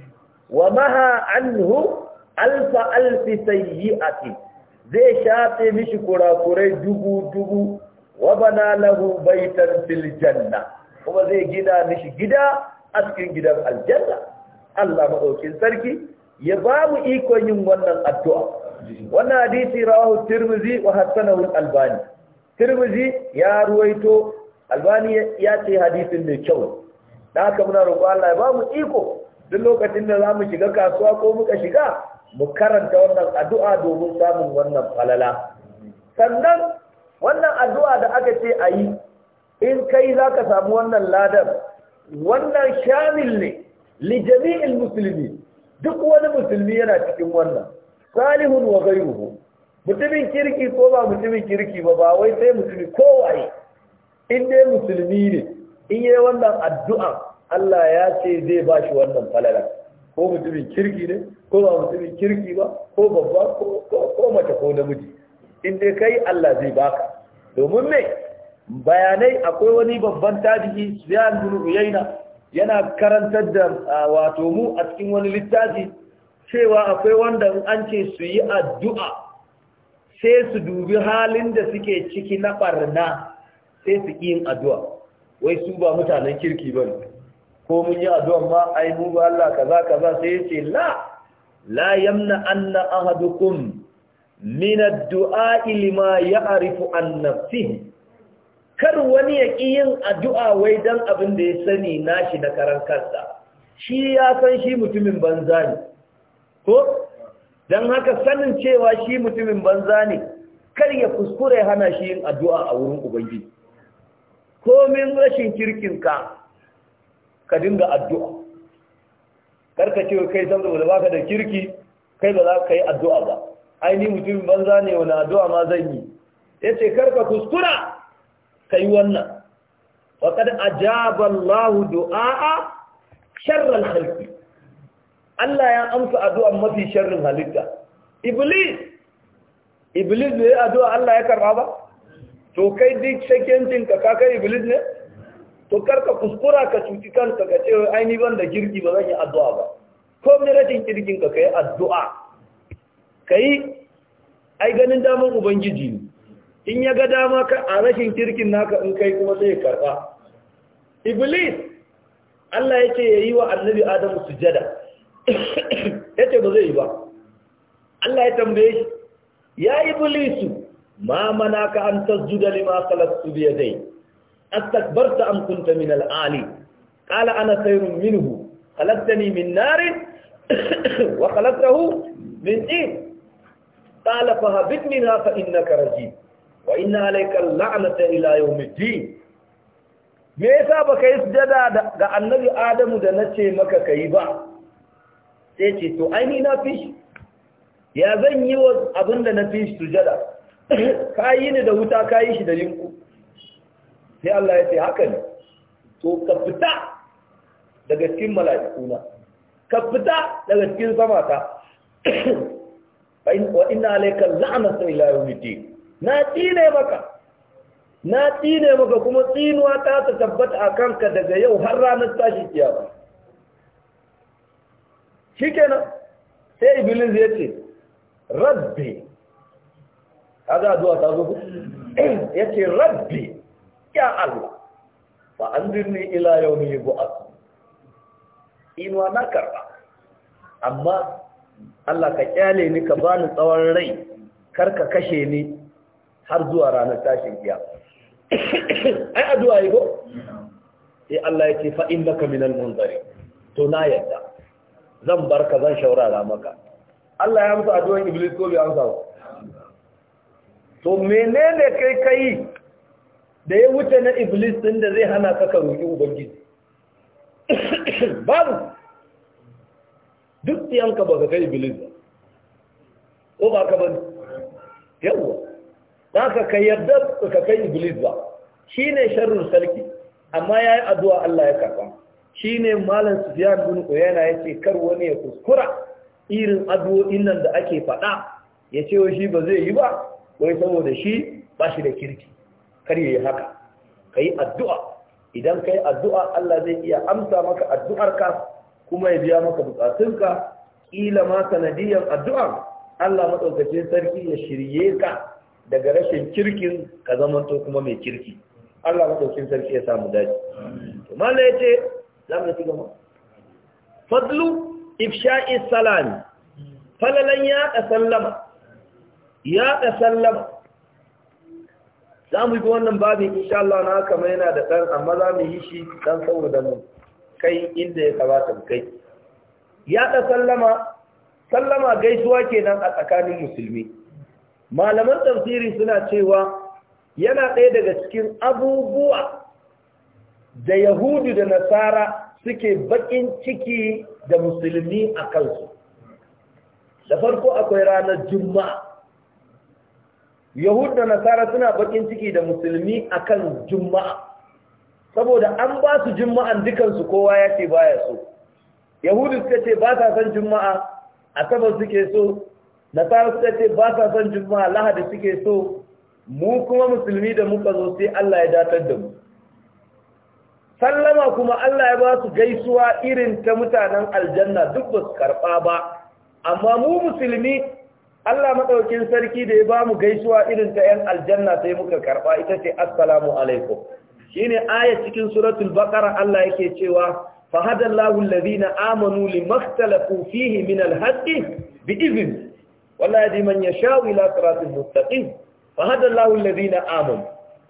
wa maha anhu alfa alfi sayyi'atin zai shafe mishi kurakurai dubu dubu wa bana lahu baitan fil janna kuma zai gina mishi gida a cikin gidan aljanna Allah madaukin sarki ya ba mu ikon yin wannan addu'a wannan hadisi rawahu tirmizi wa hasanahu albani tirmizi ya ruwaito albani ya ce hadisin mai kyau da haka muna roƙo Allah ya ba mu iko duk lokacin da zamu shiga kasuwa ko muka shiga mu karanta wannan addu'a domin samun wannan falala sannan wannan addu'a da aka ce a yi in kai za ka samu wannan ladar wannan shamil ne lijami'il musulmi duk wani musulmi yana cikin wannan salihun wa gairuhu mutumin kirki ko ba mutumin kirki ba ba wai sai musulmi kowaye in dai musulmi ne in yi wannan addu'a Allah ya ce zai ba shi wannan falala ko mutumin kirki ne ko ba mutumin kirki ba ko babba ko mace ko namiji in dai kai Allah zai baka domin me bayanai akwai wani babban tafiki, Sufyan yana karantar da wato mu a cikin wani littafi cewa akwai wanda an ce su yi addu'a sai su dubi halin da suke ciki na barna sai su yin addu'a wai su ba mutanen kirki bane ko mun yi addu'an ma ai mu ba Allah kaza kaza sai yace la la yamna anna ahadukum min addu'a lima ya'rifu an nafsihi kar wani ya ki yin addu'a wai dan abin da ya sani nashi na karan kansa shi ya san shi mutumin banza ne ko dan haka sanin cewa shi mutumin banza ne kar ya kuskure hana shi yin addu'a a wurin ubangiji komin rashin kirkin ka. ka dinga addu'a karka ce kai saboda baka da kirki kai ba za ka yi addu'a ba aini mutum banza ne wani addu'a ma zan yi ya ce karka kuskura ka yi wannan faƙad lahu du'a'a Sharrin halki Allah ya amsa addu'a mafi sharrin halitta iblis iblis ne addu'a Allah ya karba ba to kai duk shakencinka ka kai iblis ne to karka kuskura ka cuci kanka ka ce ai ni ban da girki ba zan yi addu'a ba ko me rashin kirkin ka kai addu'a kai ai ganin daman ubangiji ne in ya ga dama ka a rashin kirkin naka in kai kuma sai karba iblis Allah ya ce yayi wa annabi Adamu sujada [COUGHS] yace ba zai yi ba Allah ya tambaye shi ya iblisu ma manaka an tasjuda lima khalaqtu bi yadayya أستكبرت أم كنت من الأعلي قال أنا خير منه خلقتني من نار وخلقته من طين قال فهبت منها فإنك رجيم وإن عليك اللعنة إلى يوم الدين me yasa baka yi sujada ga annabi Adamu da nace maka kai ba sai ce to ai ni na fishi ya zan yi wa abinda na fishi sujada kayi ni da wuta kayi shi da linku sai Allah ya ce haka ne to ka fita daga cikin mala'ikuna ka fita daga cikin sama ta wa inna alayka la'natan ila yawmiddin na tsine maka na tsine maka kuma tsinuwa ta ta tabbata a kanka daga yau har ranar tashi kiyama shikenan sai iblis ya ce rabbi kaga zuwa ta zo [CLEARS THROAT] ya ce rabbi ya Allah fa andirni ila yawmi yub'ath in na nakara amma Allah ka kyale ni ka bani tsawon rai kar ka kashe ni har zuwa ranar tashin kiya [COUGHS] ai addu'a yi ko sai Allah ya ce fa innaka minal munzari to na yadda zan barka zan shaurara maka Allah ya amsa addu'ar Iblis ko bai amsa ba to menene kai kai da ya wuce na iblis ɗin da zai hana ka ka roƙi ubangiji [COUGHS] babu duk tsiyanka ba ka kai iblis ba ko ba ka bani yawwa ba ka kai yarda ka kai iblis ba shi ne sharrin sarki amma ya yi addu'a Allah ya karɓa shi ne malam sufiyan bin uyana ya ce kar wani ya kuskura irin addu'o'in nan da ake faɗa ya ce wa shi ba zai yi ba wai saboda shi ba shi da kirki kar yayi haka yi addu'a idan ka yi addu'a Allah zai iya amsa maka addu'arka kuma ya biya maka bukatunka Ƙila ma sanadiyan addu'a Allah madaukakin sarki ya shirye ka daga rashin kirkin ka zamanto kuma mai kirki Allah madaukakin sarki ya samu dace to mallai yace zamu ci gaba fadlu ifsha'i salam falalan ya sallama ya sallama za mu bi wannan babin insha Allah na kama yana da ɗan amma za mu yi shi ɗan saboda mu kai inda ya kamata mu kai ya da sallama sallama gaisuwa kenan a tsakanin musulmi malaman tafsiri suna cewa yana ɗaya daga cikin abubuwa da yahudu da nasara suke baƙin ciki da musulmi a kansu da farko akwai ranar juma'a yahud da nasara suna bakin ciki da musulmi akan juma'a saboda an ba su juma'an dukansu kowa ya ce baya so yahudu suka ce ba sa son juma'a a asabar suke so nasara suka ce ba sa son juma'a lahadi suke so mu kuma musulmi da muka zo sai Allah ya datar da mu sallama kuma Allah ya ba su gaisuwa irin ta mutanen aljanna duk ba su karɓa ba amma mu musulmi Allah maɗaukin sarki da ya ba mu gaisuwa irin ta ‘yan aljanna sai muka karɓa ita ce assalamu alaikum shi ne aya cikin suratul baƙara Allah yake cewa fahadallahu lalazina amanu li makhtalafu fihi min alhaqqi bi izin wallahi man yashau ila siratin mustaqim fahadallahu lalazina amanu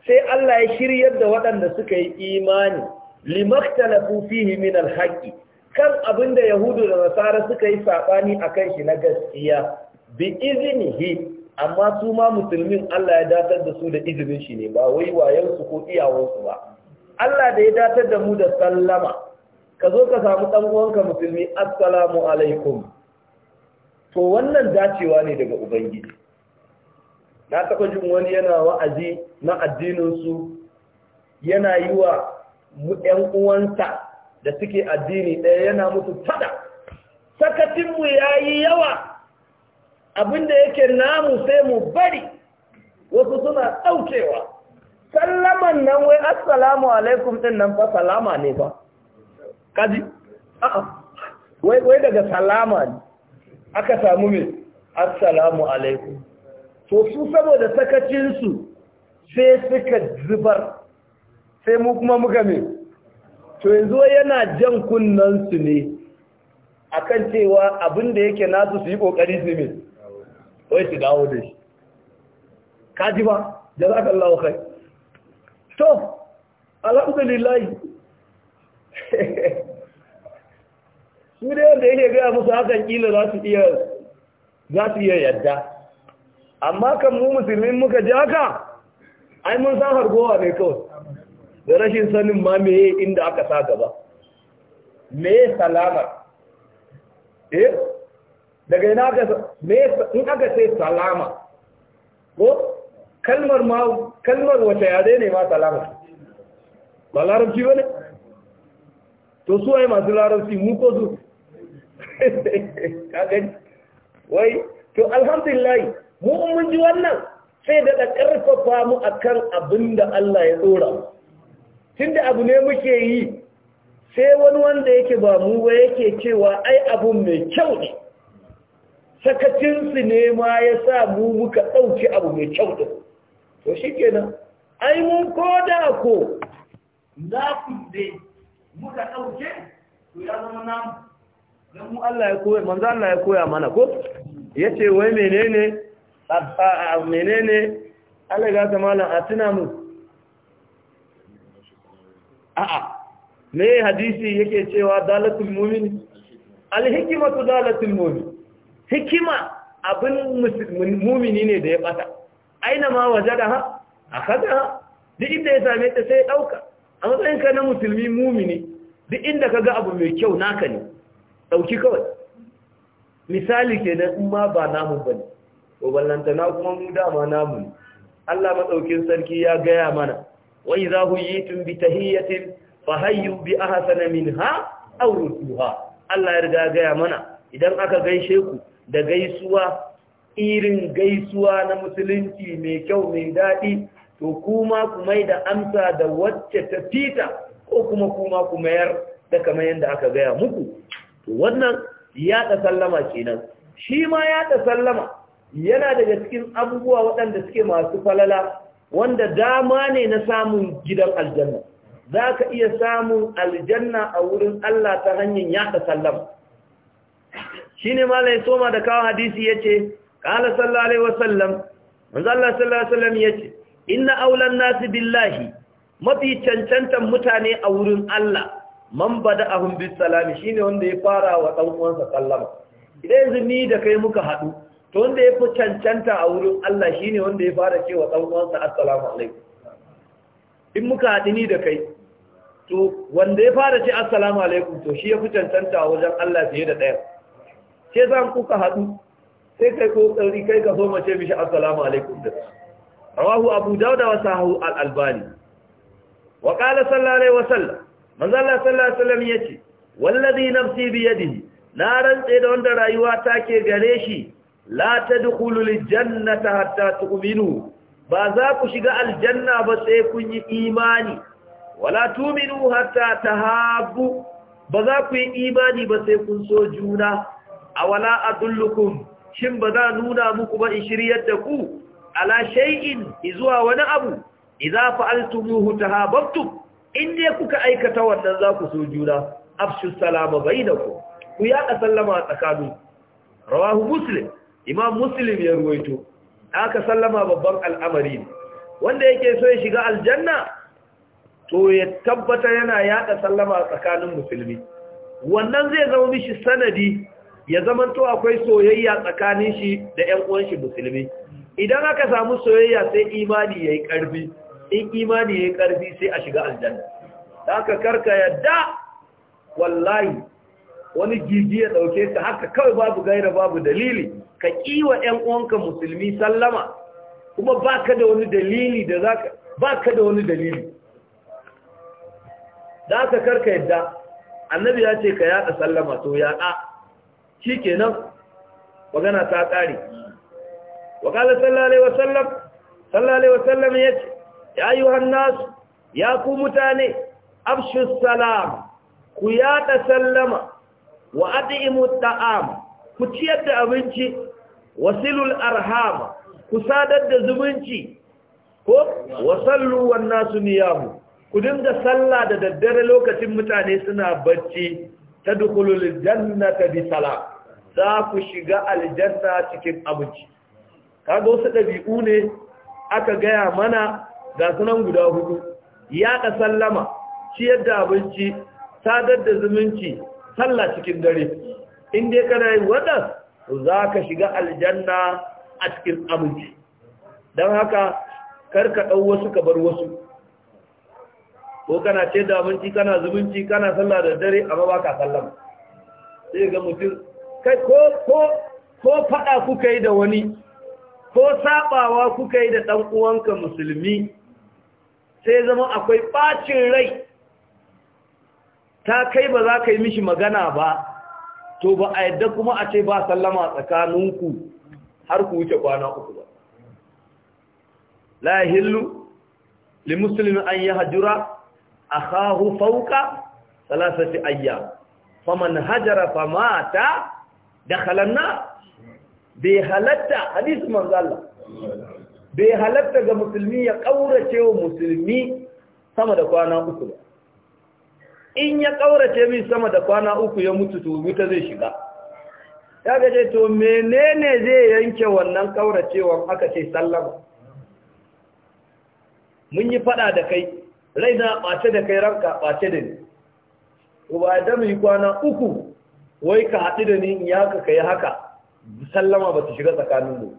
sai Allah ya shiryar da waɗanda suka yi imani li makhtalafu fihi min alhaqqi kan abinda yahudu da nasara suka yi saɓani a kan shi na gaskiya bi izinihi amma su ma musulmin Allah ya datar da su da izinin shi ne ba wai su ko iyawansu ba Allah da ya datar da mu da sallama ka zo ka samu dan uwanka musulmi assalamu alaikum to wannan dacewa ne daga ubangiji na taɓa jin wani yana wa'azi na addininsu yana yi wa ‘yan uwansa da suke addini ɗaya yana mutu tada sakatinmu ya yi yawa abinda yake namu sai mu bari wasu suna ɗaukewa sallaman nan wai assalamu alaikum ɗin nan fa salama ne ba kaji a'a wai daga salama ne aka samu mai assalamu alaikum to su saboda sakacinsu sai suka zubar sai mu kuma muka mai to yanzu yana jan kunnansu ne akan cewa abin da yake nasu su yi ƙoƙari su mai wai su dawo da shi kaji ba jazakallahu kai to alhamdulillahi [LAUGHS] su da yadda yake gaya musu hakan kila za su iya za su iya yadda amma kan mu musulmin muka ji haka ai mun san hargowa ne kawai da rashin sanin ma meye inda aka sa gaba me salama. eh daga ina aka me in aka ce salama ko kalmar ma kalmar wata yare ne ma salama ba larabci ba ne to su ai masu larabci mu ko su [LAUGHS] kagan wai to alhamdulillah mu mun ji wannan sai da karfafa mu akan abin da Allah ya tsora tunda abu ne muke yi sai wani wanda yake ba mu ba yake cewa ai abun mai kyau ne sakacinsu ne ma ya sa mu muka ɗauki abu mai kyau da to shi kenan ai mun ko da ko naku ne muka ɗauke to ya zama namu don mu Allah ya koya manzo Allah ya koya mana ko ce wai menene a menene Allah ya zama malam a tuna mu a'a me hadisi yake cewa dalatul mu'min al dalatul mu'min hikima abin mumini ne da ya bata aina ma wajada ha akhadha duk inda ya same ta sai ya dauka a matsayin ka na musulmi mumini duk inda kaga abu mai kyau naka ne dauki kawai misali kenan in ma ba namu bane ballanta na kuma mu dama namu Allah maɗaukin sarki ya gaya mana, wai za ku tun bi ta fa hayyu bi a minha min ha, Allah ya riga gaya mana, idan aka gaishe ku, da gaisuwa irin gaisuwa na musulunci mai kyau mai daɗi to kuma ku mai da amsa da wacce ta fita ko kuma kuma ku mayar da kamar yadda aka gaya muku to wannan yaɗa sallama kenan shi ma yaɗa sallama yana daga cikin abubuwa waɗanda suke masu falala wanda dama ne na samun gidan aljanna za ka iya samun aljanna a wurin Allah ta hanyar yaɗa sallama shine malai soma da kawo hadisi ce, qala sallallahu alaihi wasallam manzo Allah sallallahu alaihi wasallam ce, inna aulan nasu billahi mafi cancantan mutane a wurin Allah man da ahun bis salami ne wanda ya fara wa ɗan’uwansa sallama idan yanzu ni da kai muka haɗu, to wanda ya fi cancanta a wurin Allah shi ne wanda ya fara ce wa ɗan’uwansa assalamu alaikum in muka haɗu ni da kai to wanda ya fara ce assalamu alaikum to shi ya fi cancanta a wajen Allah fiye da ɗaya ke za kuka haɗu sai kai kokari kai ka so mace mishi assalamu alaikum da rawahu abu dawud wa sahu al albani wa qala sallallahu alaihi sallam manzo Allah sallallahu alaihi sallam yace wallazi nafsi bi yadihi na rantse da wanda rayuwa take gare shi la lil jannati hatta tu'minu ba za ku shiga aljanna ba sai kun yi imani wala tu'minu hatta tahabu ba za ku yi imani ba sai kun so juna awala adullukum shin ba za nuna muku ba in shiryar da ku ala shay'in zuwa wani abu idza fa'altumuhu tahabbtum in dai kuka aikata wannan za ku so juna afshu salama bainakum ku yaɗa sallama tsakanin rawahu muslim imam muslim ya ruwaito aka sallama babban al'amari wanda yake so ya shiga aljanna to ya tabbata yana yaɗa sallama tsakanin musulmi wannan zai zama mishi sanadi ya zamanto akwai soyayya tsakanin shi da ƴan uwan shi musulmi idan aka samu soyayya sai imani yayi karfi in imani yayi karfi sai a shiga aljanna haka karka yadda wallahi wani gigi ya dauke ka haka kawai babu gaira babu dalili ka kiwa ƴan uwanka musulmi sallama kuma baka da wani dalili da zaka baka da wani dalili da haka karka yadda annabi ya ce ka yada sallama to yada shikenan magana ta ƙare wakala sallalai wasallam sallalai wasallam ya ce ya yi hannasu ya ku mutane afshu salam ku yaɗa sallama wa adi'imu ta'am ku ciyar da abinci wasilul arham ku sadar da zumunci ko wasallu wan nasu niyamu ku dinga sallah da daddare lokacin mutane suna bacci tadkhulul jannata bi salam za ku shiga aljanna cikin abinci kaga wasu ɗabi'u ne aka gaya mana ga sunan guda hudu yaɗa sallama ciyar da abinci sadar da zumunci sallah cikin dare in dai kana yin wannan za ka shiga aljanna a cikin abinci don haka ka ɗau wasu ka bar wasu ko kana ce da abinci kana zumunci kana sallah da dare amma ba ka sallama sai ga mutum kai ko ko ko fada kuka yi da wani ko sabawa kuka yi da dan uwanka musulmi sai zama akwai bacin rai ta kai ba za ka yi mishi magana ba to ba a yadda kuma a ce ba sallama tsakaninku har ku wuce kwana uku ba la yahillu li muslimi an yahjura akahu fawqa thalathati ayyam faman hajara famata dakhala na bai halatta hadisi manzo Allah bai halatta ga musulmi ya kaurace wa musulmi sama da kwana uku ba in ya kaurace min sama da kwana uku ya mutu to wuta zai shiga ya gaje to menene zai yanke wannan ƙauracewar aka ce sallama mun yi fada da kai raina ɓace da kai ranka ɓace da ni ba da yi kwana uku wai ka haɗu da ni in ya ka yi haka sallama ba ta shiga tsakanin mu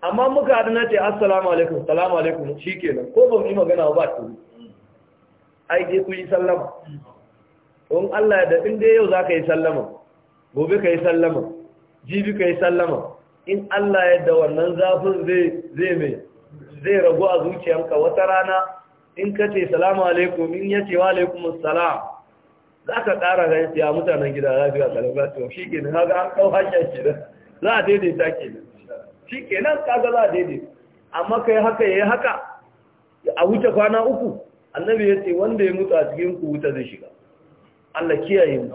amma muka haɗu na ce assalamu alaikum salamu alaikum shi kenan ko ban yi magana ba ta ai dai ku yi sallama don Allah da in da yau za ka yi sallama gobe ka yi sallama jibi ka yi sallama in Allah yadda wannan zafin zai mai zai ragu a zuciyanka wata rana in ka ce salamu alaikum in ya ce wa alaikum salam za ka ƙara ganin siya mutanen gida lafiya ƙalar to shi ke nan haka an ɗau hanyar shi za a daidaita ke nan shi ke nan kaga za a daidaita amma kai haka ya yi haka a wuce kwana uku annabi ya ce wanda ya mutu a cikin ku wuta zai shiga Allah kiyaye mu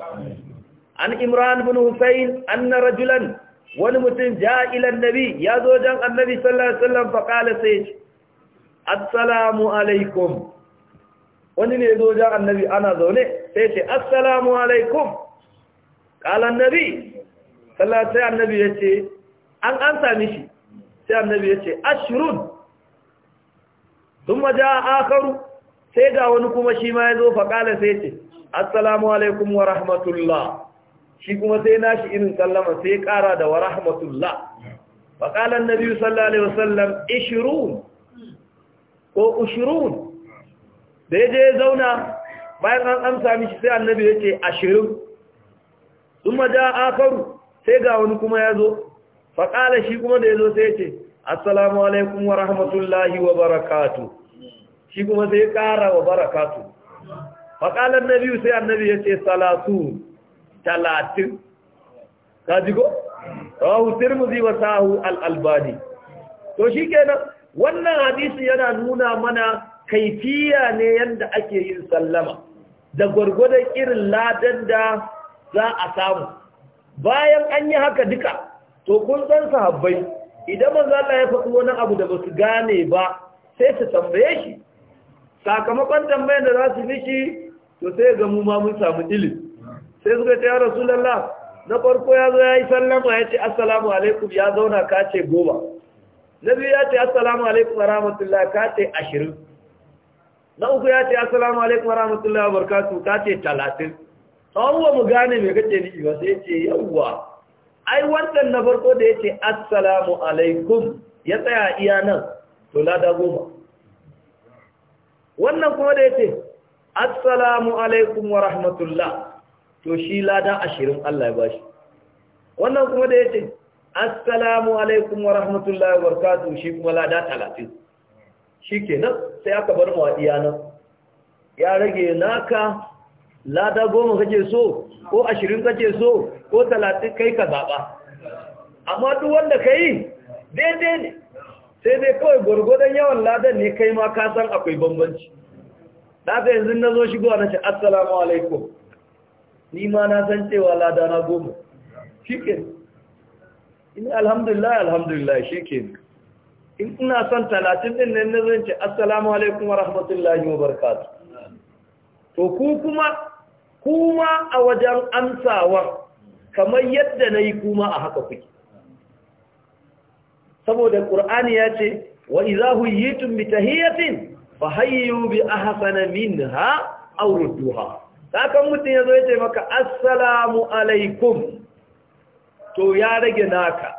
an imran bin an na rajulan wani mutum ja ilan nabi ya zo jan annabi sallallahu alaihi wasallam fa qala sai assalamu alaikum wani ne zo jan annabi ana zaune sai ce assalamu alaikum ƙalan nabi sallah sai annabi ya ce an an sami shi sai annabi ya ce ashirun sun maja a akaru sai ga wani kuma shi ma ya zo faƙala sai ce assalamu alaikum wa rahmatullah shi kuma sai na shi irin sallama sai ƙara da wa rahmatullah faƙalan nabi sallallahu alaihi wasallam ashirun ko ushirun da ya je zauna bayan an amsa mishi sai annabi ya ce ashirin sun maja akaru sai ga wani kuma ya zo faƙala shi kuma da ya zo sai ya ce assalamu alaikum wa rahmatullahi wa barakatu shi kuma sai ya ƙara wa barakatu faƙalar na biyu sai annabi ya ce salatu talatin ka jigo rahu tirmuzi wa sahu al'albani to shi kenan wannan hadisi yana nuna mana kaifiya ne yadda ake yin sallama da gwargwadon irin ladan da za a samu bayan an yi haka duka to kun san sahabbai idan manzo Allah ya faɗi wani abu da basu gane ba sai su tambaye shi sakamakon tambayar da za su shi, to sai ga mu ma mun samu ilimi sai suka ce ya rasulullah na farko ya zo ya yi sallama ya ce assalamu alaikum ya zauna ka ce goma na biyu ya ce assalamu alaikum wa rahmatullahi ka ce ashirin na uku ya ce asalamu alaikum wa rahmatullahi wa barakatu ka ce talatin tsawon mu gane mai kace ni ba sai ce yawwa ai wannan na farko da ya ce assalamu alaikum ya tsaya iya nan to lada goma wannan kuma da ya ce assalamu alaikum wa rahmatullah to shi lada ashirin Allah ya bashi wannan kuma da ya ce assalamu alaikum wa rahmatullahi wa barakatu shi kuma lada talatin shi kenan sai aka bar mu a nan ya rage naka lada goma kake so ko ashirin kake so ko talatin kai ka zaɓa amma duk wanda ka yi daidai ne sai dai kawai gwargwadon yawan ladan ne kai ma ka san akwai bambanci ɗaga yanzu na zo shigowa na ce assalamu alaikum ni ma na san cewa lada na goma shi ke alhamdulillah alhamdulillah shi ke in ina son talatin din nan na zance assalamu alaikum wa rahmatullahi wa barakatu to ku kuma kuma a wajen amsawa kamar yadda na yi kuma a haka kuke saboda ƙur'ani ya ce wa izahu yi bi tahiyatin fa hayyu bi ahsana minha aw rudduha kan mutun yazo ce maka assalamu alaikum to ya rage naka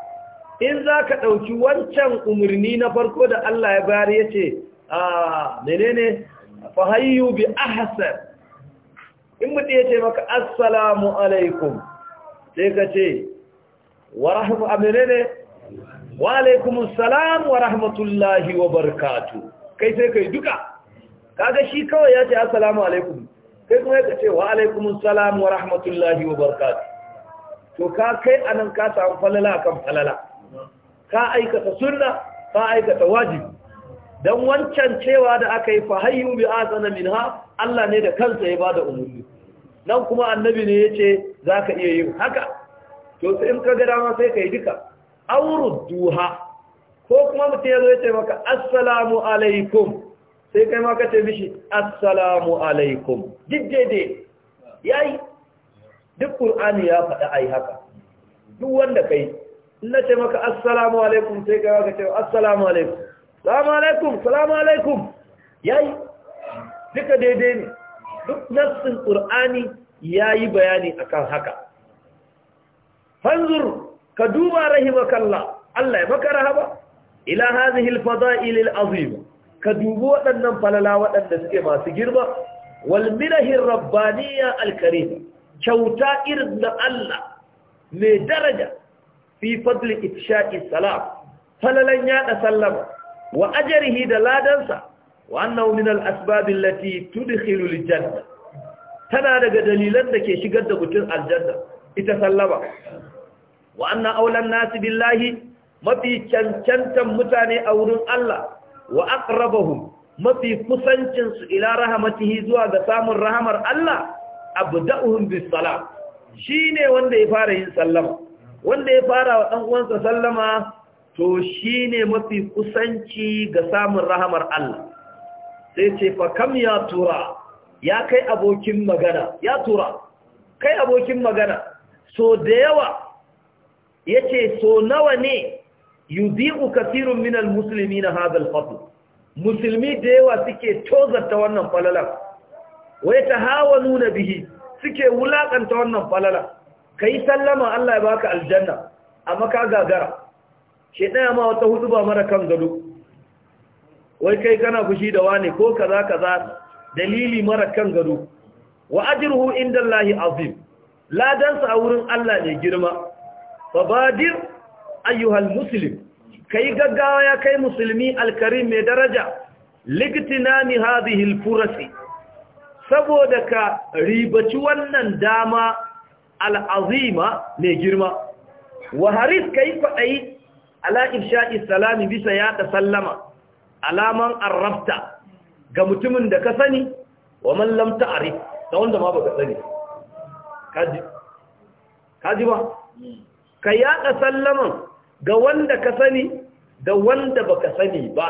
in za ka ɗauki wancan umarni na farko da Allah ya bayar ya ce a menene fahayyu bi ahsan in mutum ya ce maka assalamu alaikum sai ka ce wa rahmu menene wa alaikum salam wa rahmatullahi wa barkatu?" kai sai kai duka kaga shi kawai ya ce assalamu alaikum kai kuma ya ce wa alaikum salam wa rahmatullahi wa barkatu." to ka kai anan ka samu falala kan falala ka aikata sunna ka aikata wajibi dan wancan cewa da aka yi fahayyu bi asana minha Allah ne da kansa ya bada umurni nan kuma annabi ne yace zaka iya yin haka to sai in ka ga dama sai kai duka awrudduha ko kuma mutum yazo yace maka assalamu alaikum sai kai ma ka ce mishi assalamu alaikum duk yayi duk qur'ani ya faɗa ai haka duk wanda kai na ce maka assalamu alaikum sai ka maka ce assalamu alaikum salamu alaikum salamu alaikum yayi duka daidai ne duk nassin qur'ani yayi bayani akan haka fanzur ka duba rahimakallah Allah ya maka rahaba ila hadhihi al-fada'il ka dubi waɗannan falala waɗanda suke masu girma wal minahi rabbaniya al kyauta irin na Allah mai daraja fi fadli itshaqi salam falalan yada sallama wa ajrihi da ladansa wa annahu min al-asbab allati tudkhilu al tana daga dalilan da ke shigar da mutum aljanna ita sallama wa anna aulan nasi billahi mafi cancantan mutane a wurin Allah wa aqrabahum mafi kusancin su ila rahmatihi zuwa ga samun rahamar Allah abda'uhum bis salam shine wanda ya fara yin sallama wanda ya fara wa ɗan uwansa sallama to shi ne mafi kusanci ga samun rahamar Allah sai ce fa kam ya tura ya kai abokin magana ya tura kai abokin magana so da yawa yace so nawa ne zi’u kasirun minal musulmi na hazal fatu musulmi da yawa suke tozarta wannan falalar wai ta hawa nuna bihi suke wulaƙanta wannan falalar ka yi sallama Allah ya baka aljanna amma ka gagara shi ɗaya ma wata hudu ba mara kan gado wai kai kana fushi da wane ko kaza kaza dalili mara kan gado wa ajruhu inda Allahi azim ladansa a wurin Allah ne girma fabadir ayyuhal muslim kai gaggawa ya kai musulmi alkarim mai daraja ni hadhihi alfurasi saboda ka ribaci wannan dama al'azima mai girma wa haris ka yi kwaɗayi ala ifsha'i bisa ya ta sallama alaman arrafta ga mutumin da ka sani wa mallam ta'arif da wanda ma ba ka sani kaji ba ka yaɗa sallaman ga wanda ka sani da wanda ba ka sani ba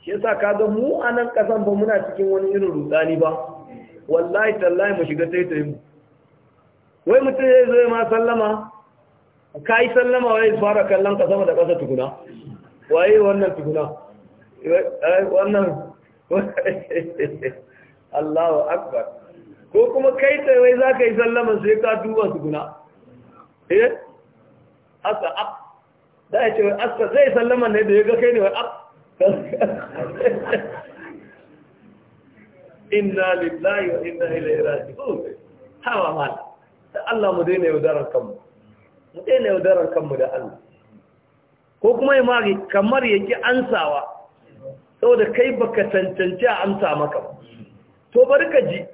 shi yasa ka ga mu a nan ƙasan ba muna cikin wani irin rudani ba wallahi tallahi mu shiga taitayin mu wai mutum zai zo ma sallama ka yi sallama wai fara kallon ka sama da ƙasa tukuna waye wannan tukuna wannan [LAUGHS] Allahu akbar ko kuma kai tsaye wai za ka yi sallama sai ka duba tukuna eh aka ab ah. da ya ce wai asa zai sallama ne da ya ga kai ne wai ab ah. [LAUGHS] inna lillahi wa inna ilaihi raji'un hawa mala da Allah mu daina yaudarar kanmu mu daina yaudarar kanmu da Allah ko kuma mari kamar yake ansawa saboda kai baka tantance a amsa maka to barka ji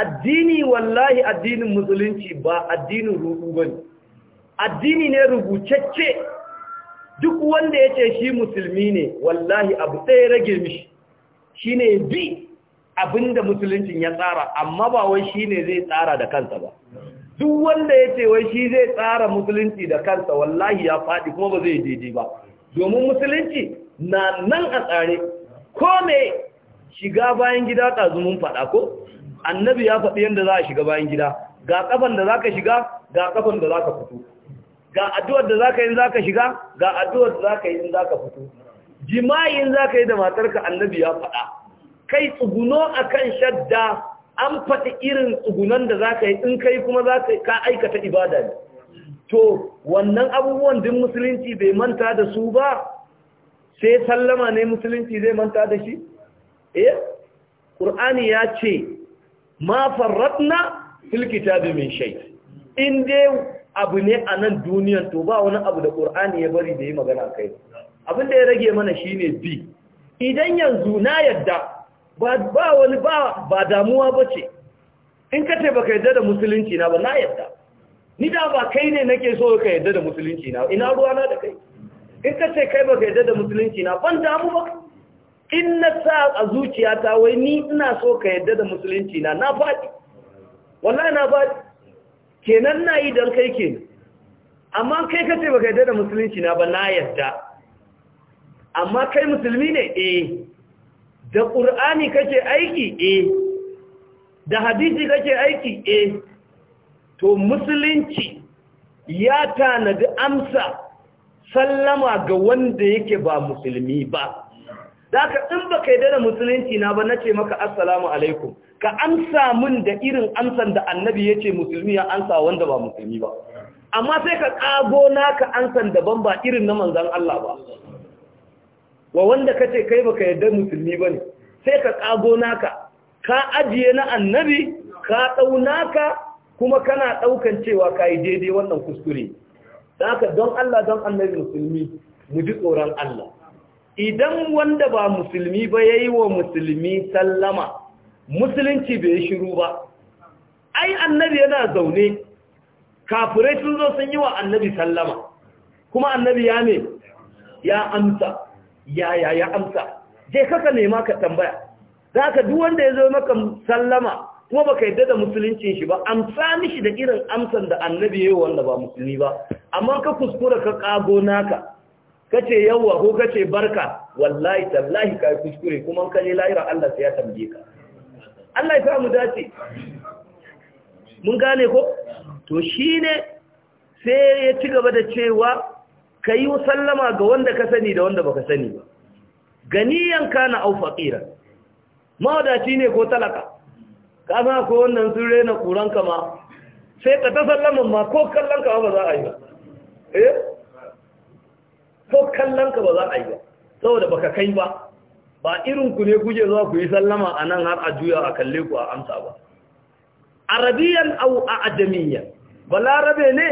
addini wallahi addinin musulunci ba addinin ruɗu bane addini ne rubutacce duk wanda ya ce shi musulmi ne wallahi abu ɗaya rage mishi shi ne bi abinda musulunci ya tsara amma ba wai shi ne zai tsara da kansa ba duk wanda ya ce wai shi zai tsara musulunci da kansa wallahi ya faɗi kuma ba zai daidai ba domin musulunci na nan a tsare ko me shiga bayan gida ɗazumin faɗa ko annabi ya faɗi yadda za a shiga bayan gida ga kafan da za ka shiga ga kafan da za ka fito ga addu'ar da za ka yi za ka shiga ga addu'ar da za ka yi za ka fito jima'in za ka yi da matarka annabi ya faɗa kai tsuguno a kan shadda an faɗi irin tsugunan da za ka yi in kai kuma za ka aikata ibada ne to wannan abubuwan din musulunci bai manta da su ba sai sallama ne musulunci zai manta da shi eh ƙur'ani ya ce ma farratna fil kitabi min shay in dai abu ne a nan duniyan to ba wani abu da ƙur'ani ya bari da yi magana kai abin da ya rage mana shine bi idan yanzu na yadda ba wani ba ba damuwa in ka ce ka yadda da musulunci na ba na yadda ni da ba kai ne nake so ka yadda da musulunci na ina ruwa na da kai in ka ce kai ba ka yadda da musulunci na ban damu ba in na sa a zuciyata wai ni ina so ka yadda da musulunci na na faɗi wallahi na faɗi kenan na yi don kai kenan amma kai ka ce ba ka yadda da musulunci na ba na yadda amma kai musulmi ne eh da ƙur'ani kake aiki eh da hadisi kake aiki eh to musulunci ya tanadi amsa sallama ga wanda yake ba musulmi ba Daka in ba kai yi da musulunci na ba nace maka assalamu alaikum ka amsa mun da irin amsan da annabi ya ce musulmi ya amsa wanda ba musulmi ba amma sai ka ƙago naka amsan daban ba irin na manzan Allah ba wa wanda kace kai baka yarda musulmi bane sai ka kago naka ka ajiye na annabi ka dau naka kuma kana daukan cewa kai daidai wannan kuskure saka don Allah don annabi musulmi mu ji tsoron Allah idan wanda ba musulmi ba yayi wa musulmi sallama musulunci bai shiru ba ai annabi yana zaune kafirai sun zo sun yi wa annabi sallama kuma annabi ya ne ya amsa yaya ya amsa je kaka nema ka tambaya za ka duk wanda ya zo maka sallama kuma baka yadda da musuluncin shi ba amsa mishi da irin amsan da annabi yayi wanda ba musulmi ba amma ka kuskura ka kago naka kace yawwa ko kace barka wallahi tallahi kai kuskure kuma ka je lahira Allah sai ya tambaye ka Allah ya samu dace mun gane ko to shine sai ya ci gaba da cewa ka yi sallama ga wanda ka sani da wanda ba ka sani ba ganiyan na au faqira mawadaci ne ko talaka ka za ko wannan sun rena kuran kama sai ka ta sallama ma ko kallon ba za a yi ba eh ko kallon ka ba za a yi ba saboda ba ka kai ba ba irin ku ne kuje zuwa ku yi sallama a nan har a juya a kalle ku a amsa ba arabiyan au a ajamiyan balarabe ne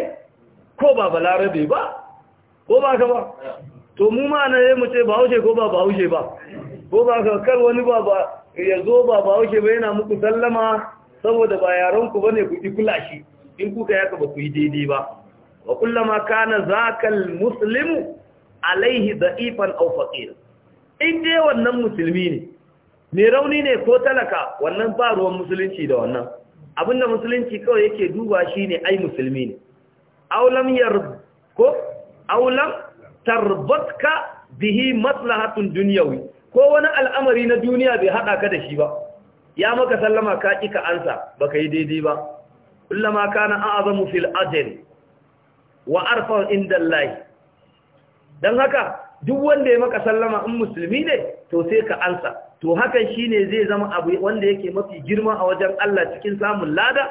ko ba balarabe ba ko ba ka ba to mu ma na yi mu ce haushe ko ba haushe ba ko ba ka kar wani ba ba ya zo ba haushe ba yana muku sallama saboda ba yaron ku ne ku kula shi in kuka yaka ba ku yi daidai ba wa kullama kana zakal muslimu alaihi da'ifan aw faqir in dai wannan musulmi ne mai rauni ne ko talaka wannan ba ruwan musulunci da wannan abinda musulunci kawai yake duba shi ne ai musulmi ne aulam yar ko aulam tarbatka bihi maslahatun dunyawi ko wani al'amari na duniya bai hada ka da shi ba ya maka sallama ka ki ka ansa baka yi daidai ba kullama kana a'zamu fil ajr wa arfa inda dan haka duk wanda ya maka sallama in musulmi ne to sai ka ansa to hakan shine zai zama abu wanda yake mafi girma a wajen Allah cikin samun lada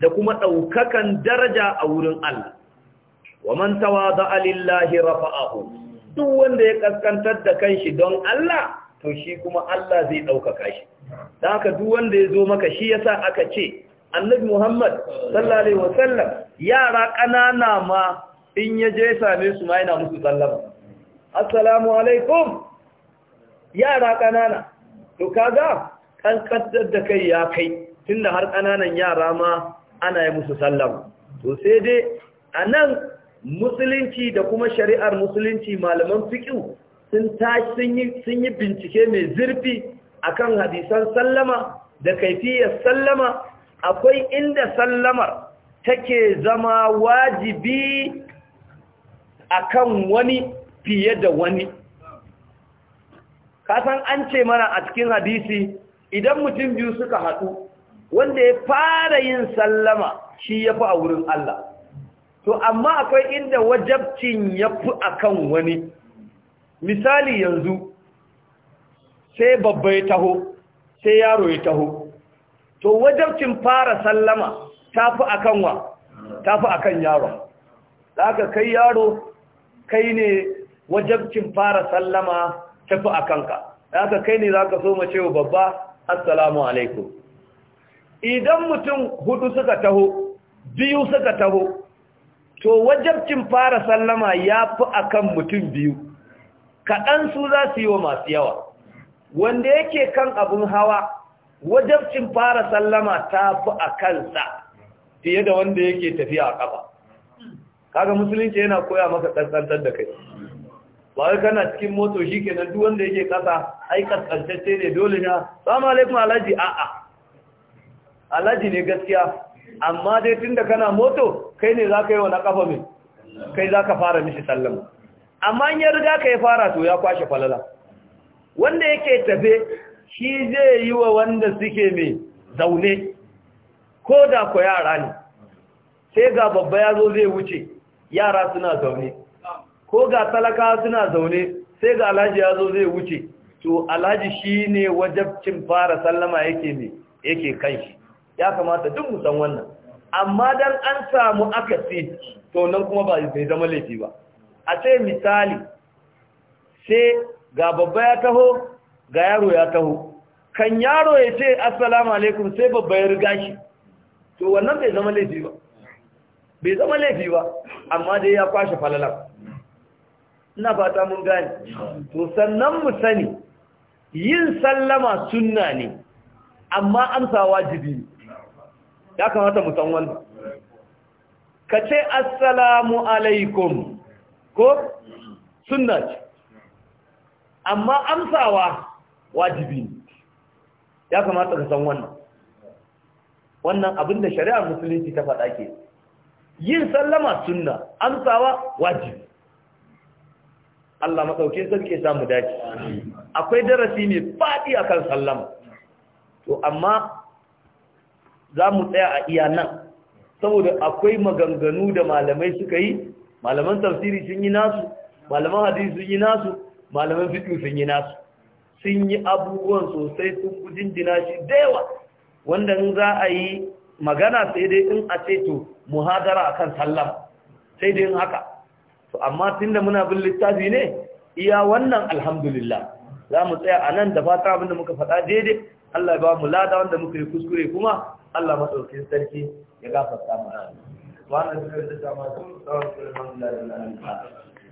da kuma daukakan daraja a wurin Allah wa man tawada'a lillahi rafa'ahu duk wanda ya kaskantar da kanshi don Allah to shi kuma Allah zai ɗaukaka shi da haka duk wanda ya zo maka shi yasa aka ce annabi Muhammad sallallahu alaihi wasallam yara ƙanana ma in ya je same su ma yana musu sallama assalamu alaikum yara ƙanana to kaga kaddar da kai ya kai tunda har ƙananan yara ma ana yi musu sallama to sai dai anan musulunci da kuma shari'ar musulunci malaman fiƙi sun sun yi bincike mai zurfi akan hadisan sallama da kaifiyar sallama akwai inda sallamar take zama wajibi akan wani fiye da wani kasan an ce mana a cikin hadisi idan mutum biyu suka haɗu wanda ya fara yin sallama shi ya fi a wurin Allah to amma akwai inda wajabcin ya fi akan wani misali yanzu sai babba ya taho sai yaro ya taho to wajabcin fara sallama ta fi akan wa ta fi akan yaro da aka kai yaro kai ne wajabcin fara sallama ta fi akanka da aka kai ne za ka so mace wa babba assalamu alaikum idan mutum hudu suka taho biyu suka taho to wajabcin fara sallama ya fi a kan mutum biyu kaɗan su za su yi wa masu yawa wanda yake kan abin hawa wajabcin fara sallama ta fi a kansa fiye da wanda yake tafiya a ƙafa kaga musulunci yana koya maka ƙasƙantar da kai ba wai kana cikin moto shi ke duk wanda yake ƙasa ai ƙasƙantacce ne dole na Samu alaikum alhaji a'a alhaji ne gaskiya amma dai tun da kana moto kai ne za ka yi wa na ƙafa mai kai za ka fara mishi sallama amma ya riga ka ya fara to ya kwashe falala wanda yake tafe shi zai yi wa wanda suke mai zaune ko da ku yara ne sai ga babba ya zo zai wuce yara suna zaune ko ga talaka suna zaune sai ga alhaji ya zo zai wuce to alhaji shi ne wajabcin fara sallama yake mai yake kan shi ya kamata duk mu san wannan amma dan an samu ce to nan kuma ba zai zama laifi ba a ce misali sai ga babba ya taho ga yaro ya taho kan yaro ya ce assalamu alaikum sai babba ya riga shi to wannan bai zama laifi ba bai zama laifi ba amma dai ya kwashe falalar. ina fata mun gane to sannan mu sani yin sallama sunna ne amma amsa wajibi ne ya kamata mu san wannan ka ce assalamu alaikum ko sunna ce amma amsawa wajibi ne ya kamata ka san wannan wannan abin da shari'ar musulunci ta faɗa ke yin sallama sunna amsawa wajibi Allah matsaukin sarki samu dace akwai darasi ne faɗi akan sallama to amma za mu tsaya a iya nan saboda akwai maganganu da malamai suka yi malaman tafsiri sun yi nasu malaman hadisi sun yi nasu malaman fiƙi sun yi nasu sun yi abubuwan sosai sun kujin jina shi da yawa wanda za a yi magana sai dai in a ce to muhadara kan Sallam. sai dai in haka to amma tun da muna bin littafi ne iya wannan alhamdulillah za mu tsaya a nan da fata abinda muka faɗa daidai Allah ya ba mu lada wanda muka yi kuskure kuma Allah madaukakin sarki ya gafarta mana wannan da ta ma sun tsawon kullu hamdulillah